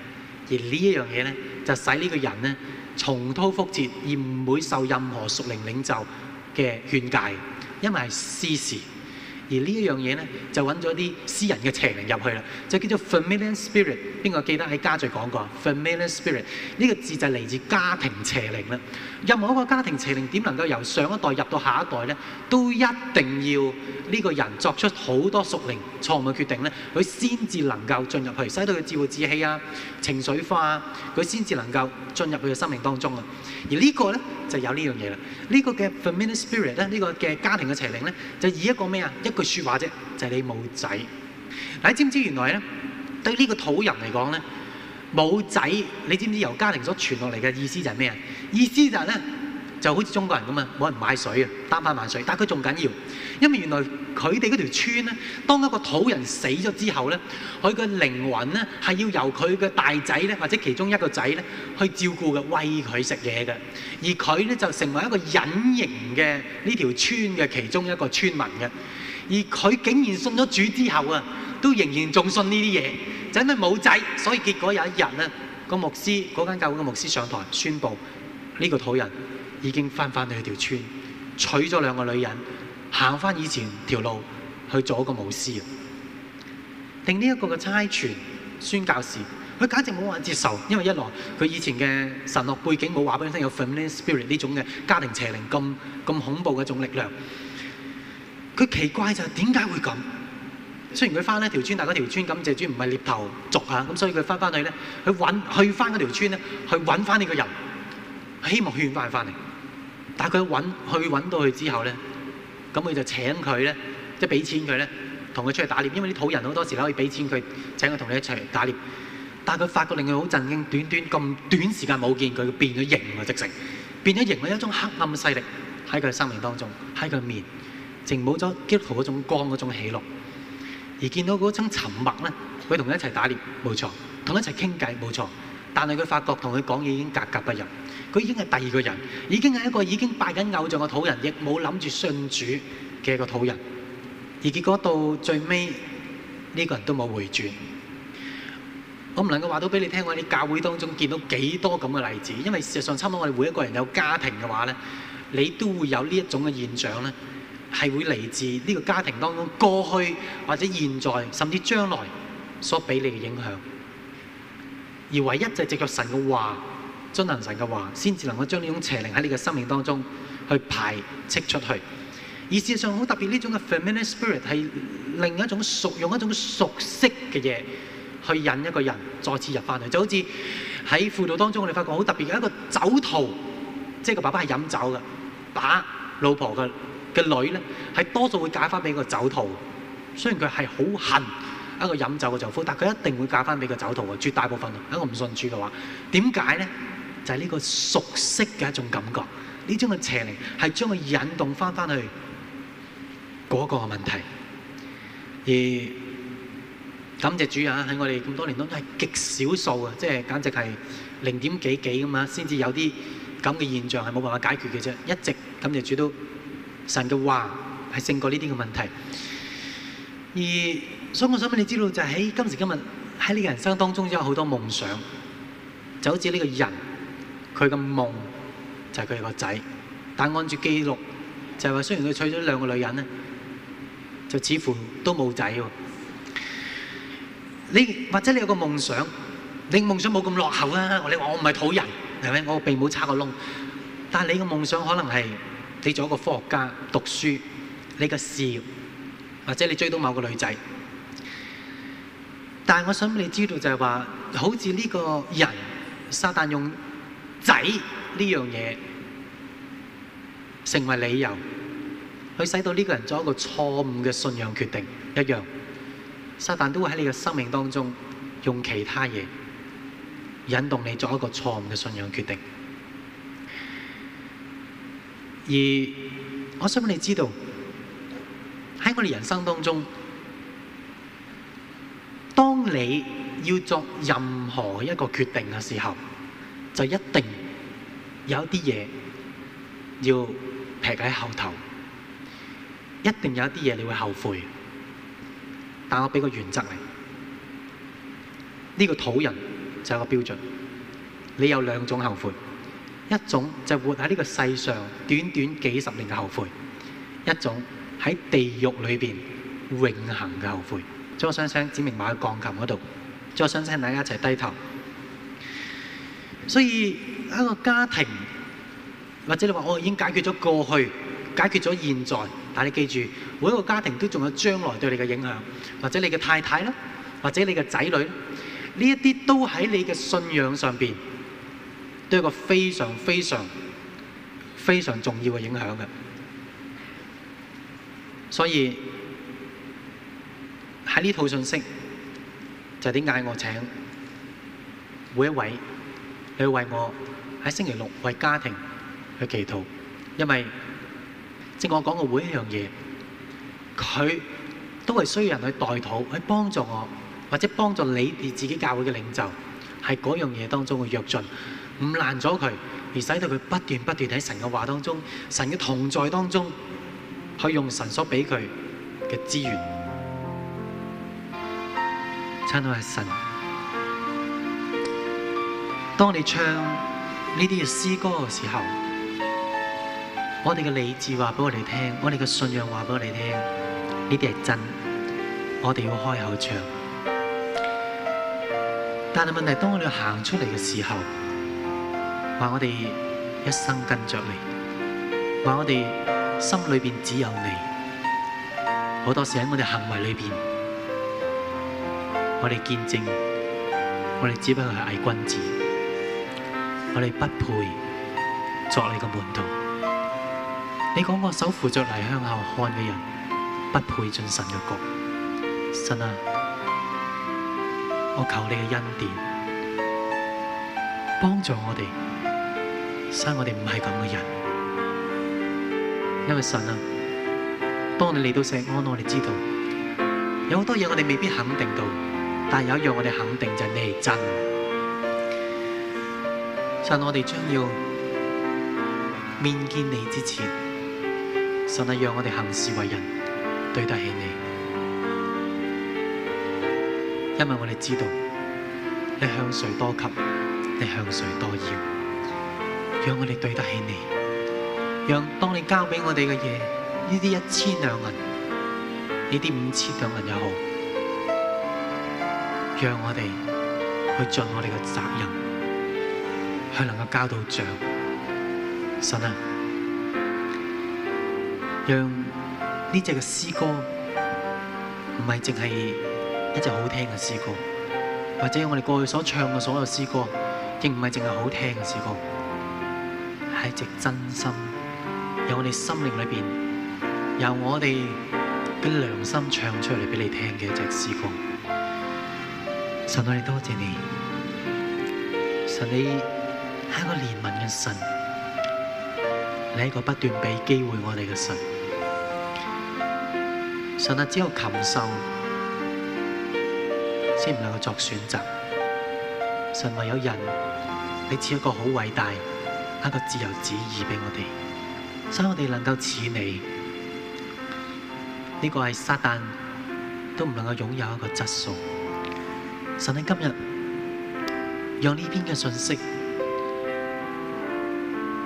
[SPEAKER 1] 而呢一樣嘢咧，就使呢個人咧重蹈覆轍，而唔會受任何屬靈領袖嘅勸戒，因為係私事。而呢一樣嘢咧，就揾咗啲私人嘅邪靈入去啦，就叫做 familiar spirit。邊個記得喺家聚講過 familiar spirit？呢個字就嚟自家庭邪靈啦。任何一個家庭邪靈點能夠由上一代入到下一代呢，都一定要呢個人作出好多屬靈錯誤嘅決定呢，佢先至能夠進入去，使到佢自暴自棄啊、情緒化，佢先至能夠進入佢嘅生命當中啊。而呢個呢，就有呢樣嘢啦，呢、呢個嘅 feminine spirit 呢，呢個嘅家庭嘅邪靈呢，就以一個咩啊一句説話啫，就係、係、你冇仔。但你知唔知原來呢？對呢個土人嚟講呢。冇仔，你知唔知由家庭所傳落嚟嘅意思就係咩啊？意思就係、是、咧，就好似中國人咁啊，冇人買水啊，擔幡買水。但係佢仲緊要，因為原來佢哋嗰條村咧，當一個土人死咗之後咧，佢嘅靈魂咧係要由佢嘅大仔咧，或者其中一個仔咧去照顧嘅，餵佢食嘢嘅。而佢咧就成為一個隱形嘅呢條村嘅其中一個村民嘅。而佢竟然信咗主之後啊，都仍然仲信呢啲嘢，真係冇制，所以結果有一日呢個牧師嗰間教會嘅牧師上台宣佈，呢個土人已經翻返去條村，娶咗兩個女人，行翻以前條路，去做一個牧師，定呢一個嘅差傳宣教士。佢簡直冇人接受，因為一來佢以前嘅神學背景冇話俾我聽有，有 family spirit 呢種嘅家庭邪靈咁咁恐怖嘅一種力量。佢奇怪就係點解會咁？雖然佢翻咗條村，但係嗰條村咁，謝主唔係獵頭族啊，咁所以佢翻翻去咧，去揾去翻嗰條村咧，去揾翻呢個人，希望勸翻佢翻嚟。但係佢揾去揾到佢之後咧，咁佢就請佢咧，即係俾錢佢咧，同佢出去打獵。因為啲土人好多時咧，可以俾錢佢請佢同你一齊打獵。但係佢發覺令佢好震驚，短短咁短時間冇見佢，變咗形啊！直成變咗形啊！一種黑暗勢力喺佢生命當中，喺佢面。淨冇咗基督徒嗰種光嗰種喜樂，而見到嗰種沉默咧，佢同佢一齊打獵冇錯，同佢一齊傾偈冇錯，但係佢發覺同佢講嘢已經格格不入，佢已經係第二個人，已經係一個已經拜緊偶像嘅土人，亦冇諗住信主嘅一個土人，而結果到最尾呢個人都冇回轉。我唔能夠話到俾你聽，我喺啲教會當中見到幾多咁嘅例子，因為事實上差唔多我哋每一個人有家庭嘅話咧，你都會有呢一種嘅現象咧。係會嚟自呢個家庭當中過去或者現在甚至將來所俾你嘅影響，而唯一就係藉著神嘅話、遵行神嘅話，先至能夠將呢種邪靈喺你嘅生命當中去排斥出去。而事實上好特別呢種嘅 family spirit 係另一種熟用一種熟悉嘅嘢去引一個人再次入翻去。就好似喺輔導當中我哋發覺好特別嘅一個酒徒，即係個爸爸係飲酒嘅，打老婆嘅。個女咧，係多數會嫁翻俾個酒徒。雖然佢係好恨一個飲酒嘅酒夫，但係佢一定會嫁翻俾個酒徒嘅。絕大部分，喺我唔信主嘅話，點解咧？就係、是、呢個熟悉嘅一種感覺。呢種嘅邪靈係將佢引動翻翻去嗰個問題。而感謝主啊，喺我哋咁多年都係極少數啊，即、就、係、是、簡直係零點幾幾咁啊，先至有啲咁嘅現象係冇辦法解決嘅啫。一直感謝主都。神嘅話係勝過呢啲嘅問題，而所以我想畀你知道就係喺今時今日喺你嘅人生當中，有好多夢想，就好似呢個人佢嘅夢就係佢有個仔，但按住記錄就係話，雖然佢娶咗兩個女人咧，就似乎都冇仔喎。你或者你有個夢想，你夢想冇咁落後啊！你話我唔係土人係咪？我鼻冇插過窿，但係你嘅夢想可能係。你做一個科學家，讀書，你嘅事業，或者你追到某個女仔。但我想你知道就係話，好似呢個人撒旦用仔呢樣嘢成為理由，去使到呢個人做一個錯誤嘅信仰決定一樣。撒旦都會喺你嘅生命當中用其他嘢引動你做一個錯誤嘅信仰決定。而我想你知道，喺我哋人生當中，當你要做任何一個決定嘅時候，就一定有一啲嘢要撇喺後頭，一定有一啲嘢你會後悔。但我俾個原則你，呢個土人就係個標準。你有兩種後悔。一種就活喺呢個世上短短幾十年嘅後悔，一種喺地獄裏邊永恆嘅後悔。再想請指明馬嘅鋼琴嗰度，再想請大家一齊低頭。所以一個家庭，或者你話我已經解決咗過去，解決咗現在，但係你記住，每一個家庭都仲有將來對你嘅影響，或者你嘅太太咧，或者你嘅仔女咧，呢一啲都喺你嘅信仰上邊。都有一個非常非常非常重要嘅影響嘅，所以喺呢套信息就點解我請每一位去為我喺星期六為家庭去祈禱，因為即係我講嘅每一樣嘢，佢都係需要人去代禱，去幫助我，或者幫助你哋自己教會嘅領袖，係嗰樣嘢當中嘅約盡。唔爛咗佢，而使到佢不斷不斷喺神嘅話當中，神嘅同在當中，去用神所俾佢嘅資源。親愛嘅神。當你唱呢啲嘅詩歌嘅時候，我哋嘅理智話俾我哋聽，我哋嘅信仰話俾我哋聽，呢啲係真。我哋要開口唱。但係問題，當我哋行出嚟嘅時候，話我哋一生跟着你，話我哋心裏邊只有你。好多時喺我哋行為裏邊，我哋見證，我哋只不過係偽君子，我哋不配作你嘅門徒。你講過手扶着犁向後看嘅人，不配進神嘅國。神啊，我求你嘅恩典，幫助我哋。所以我哋唔係咁嘅人，因為神啊，當你嚟到錫安，我哋知道有好多嘢我哋未必肯定到，但有一樣我哋肯定就係你係真。神啊，我哋將要面見你之前，神啊，讓我哋行事為人對得起你，因為我哋知道你向誰多給，你向誰多要。讓我哋對得起你，讓當你交俾我哋嘅嘢，呢啲一千兩銀，呢啲五千兩銀又好，讓我哋去盡我哋嘅責任，去能夠交到賬。神啊，讓呢隻嘅詩歌唔係淨係一隻好聽嘅詩歌，或者我哋過去所唱嘅所有詩歌，亦唔係淨係好聽嘅詩歌。真心由我哋心靈裏邊，由我哋嘅良心唱出嚟俾你聽嘅一隻詩歌。神愛，你多謝你，神，你係一個憐憫嘅神，你係一個不斷畀機會我哋嘅神。神啊，只有禽獸先唔能夠作選擇，神為有人，你似一個好偉大。一個自由旨意俾我哋，使我哋能夠似你，呢個係撒旦都唔能夠擁有一個質素。神喺今日讓呢邊嘅信息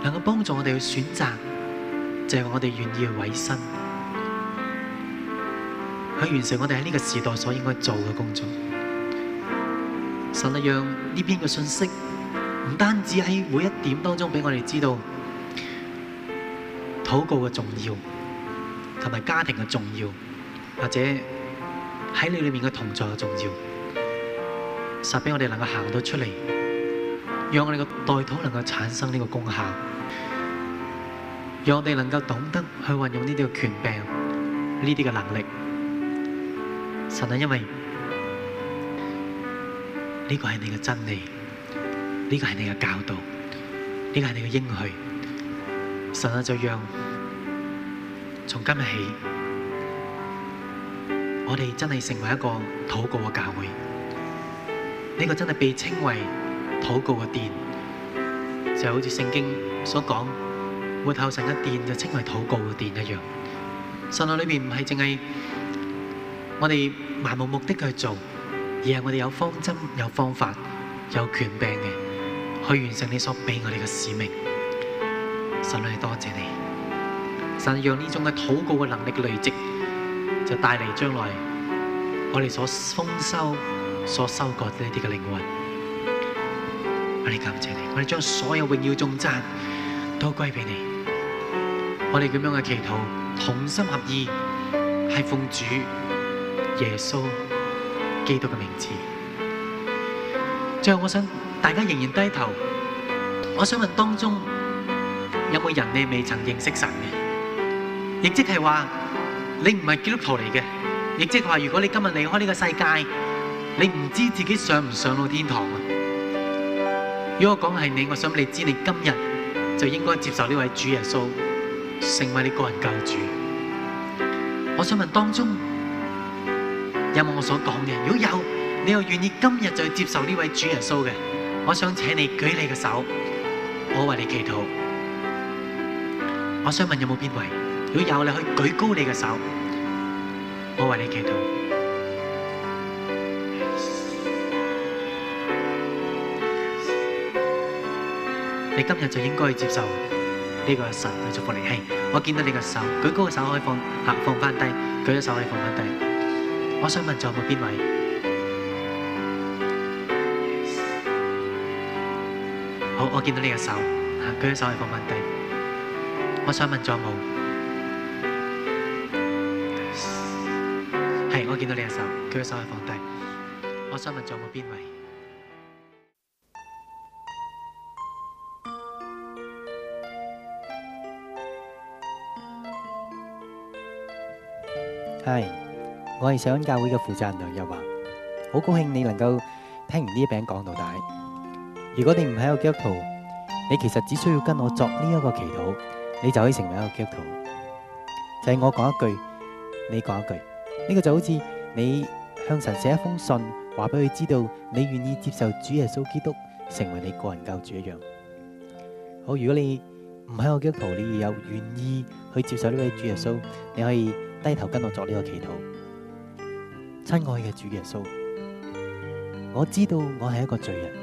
[SPEAKER 1] 能夠幫助我哋去選擇，就係我哋願意去委身，去完成我哋喺呢個時代所應該做嘅工作。神啊，讓呢邊嘅信息。唔單止喺每一點當中俾我哋知道禱告嘅重要，同埋家庭嘅重要，或者喺你裏面嘅同在嘅重要，使俾我哋能夠行到出嚟，讓我哋嘅代禱能夠產生呢個功效，讓我哋能夠懂得去運用呢啲嘅權柄，呢啲嘅能力。神啊，因為呢個係你嘅真理。呢個係你嘅教導，呢、這個係你嘅應許，神啊，就讓從今日起，我哋真係成為一個禱告嘅教會。呢、這個真係被稱為禱告嘅殿，就是、好似聖經所講，活透神一殿就稱為禱告嘅殿一樣。神啊，裏邊唔係淨係我哋漫無目的去做，而係我哋有方針、有方法、有權柄嘅。去完成你所俾我哋嘅使命，神你多謝，謝你，神讓呢種嘅禱告嘅能力的累積，就帶嚟將來我哋所豐收、所收割呢啲嘅靈魂。我哋感謝你，我哋將所有榮耀頌讚都歸俾你。我哋咁樣嘅祈禱，同心合意，係奉主耶穌基督嘅名字。最後我想。大家仍然低頭，我想問當中有冇人你是未曾認識神嘅？亦即係話你唔係基督徒嚟嘅，亦即係話如果你今日離開呢個世界，你唔知道自己上唔上到天堂啊！如果我講係你，我想你知你今日就應該接受呢位主耶穌，成為你個人救主。我想問當中有冇我所講嘅？如果有，你又願意今日就接受呢位主耶穌嘅？我想請你舉你嘅手，我為你祈禱。我想問有冇邊位？如果有你，你可以舉高你嘅手，我為你祈禱。Yes. Yes. 你今日就應該接受呢個神嘅祝福嚟。嘿，hey，我見到你嘅手，舉高嘅手可以放，嚇放翻低，舉咗手可以放翻低。我想問仲有冇邊位？我見到你嘅手，舉隻手係放返低。我想問仲有冇？係，我見到你嘅手，舉隻手係放低。我想問仲有冇邊位？係，我係上恩教會嘅負責人梁日華。好高興你能夠聽完呢一餅講到底。如果你唔喺個基督徒，你其實只需要跟我作呢一個祈禱，你就可以成為一個基督徒。就係、是、我講一句，你講一句，呢、這個就好似你向神寫一封信，話俾佢知道你願意接受主耶穌基督成為你個人救主一樣。好，如果你唔喺個基督徒，你又有願意去接受呢位主耶穌，你可以低頭跟我作呢個祈禱。親愛嘅主耶穌，我知道我係一個罪人。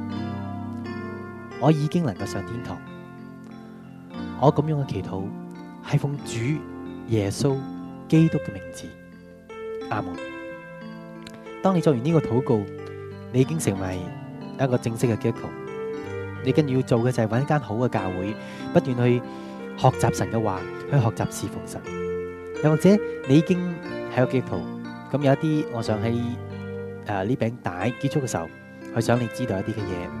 [SPEAKER 1] 我已經能夠上天堂。我咁樣嘅祈禱係奉主耶穌基督嘅名字，阿門。當你做完呢個禱告，你已經成為一個正式嘅基督徒。你跟住要做嘅就係揾一間好嘅教會，不斷去學習神嘅話，去學習侍奉神。又或者你已經係個基督徒，咁有一啲，我想喺誒呢餅帶結束嘅時候，去想你知道一啲嘅嘢。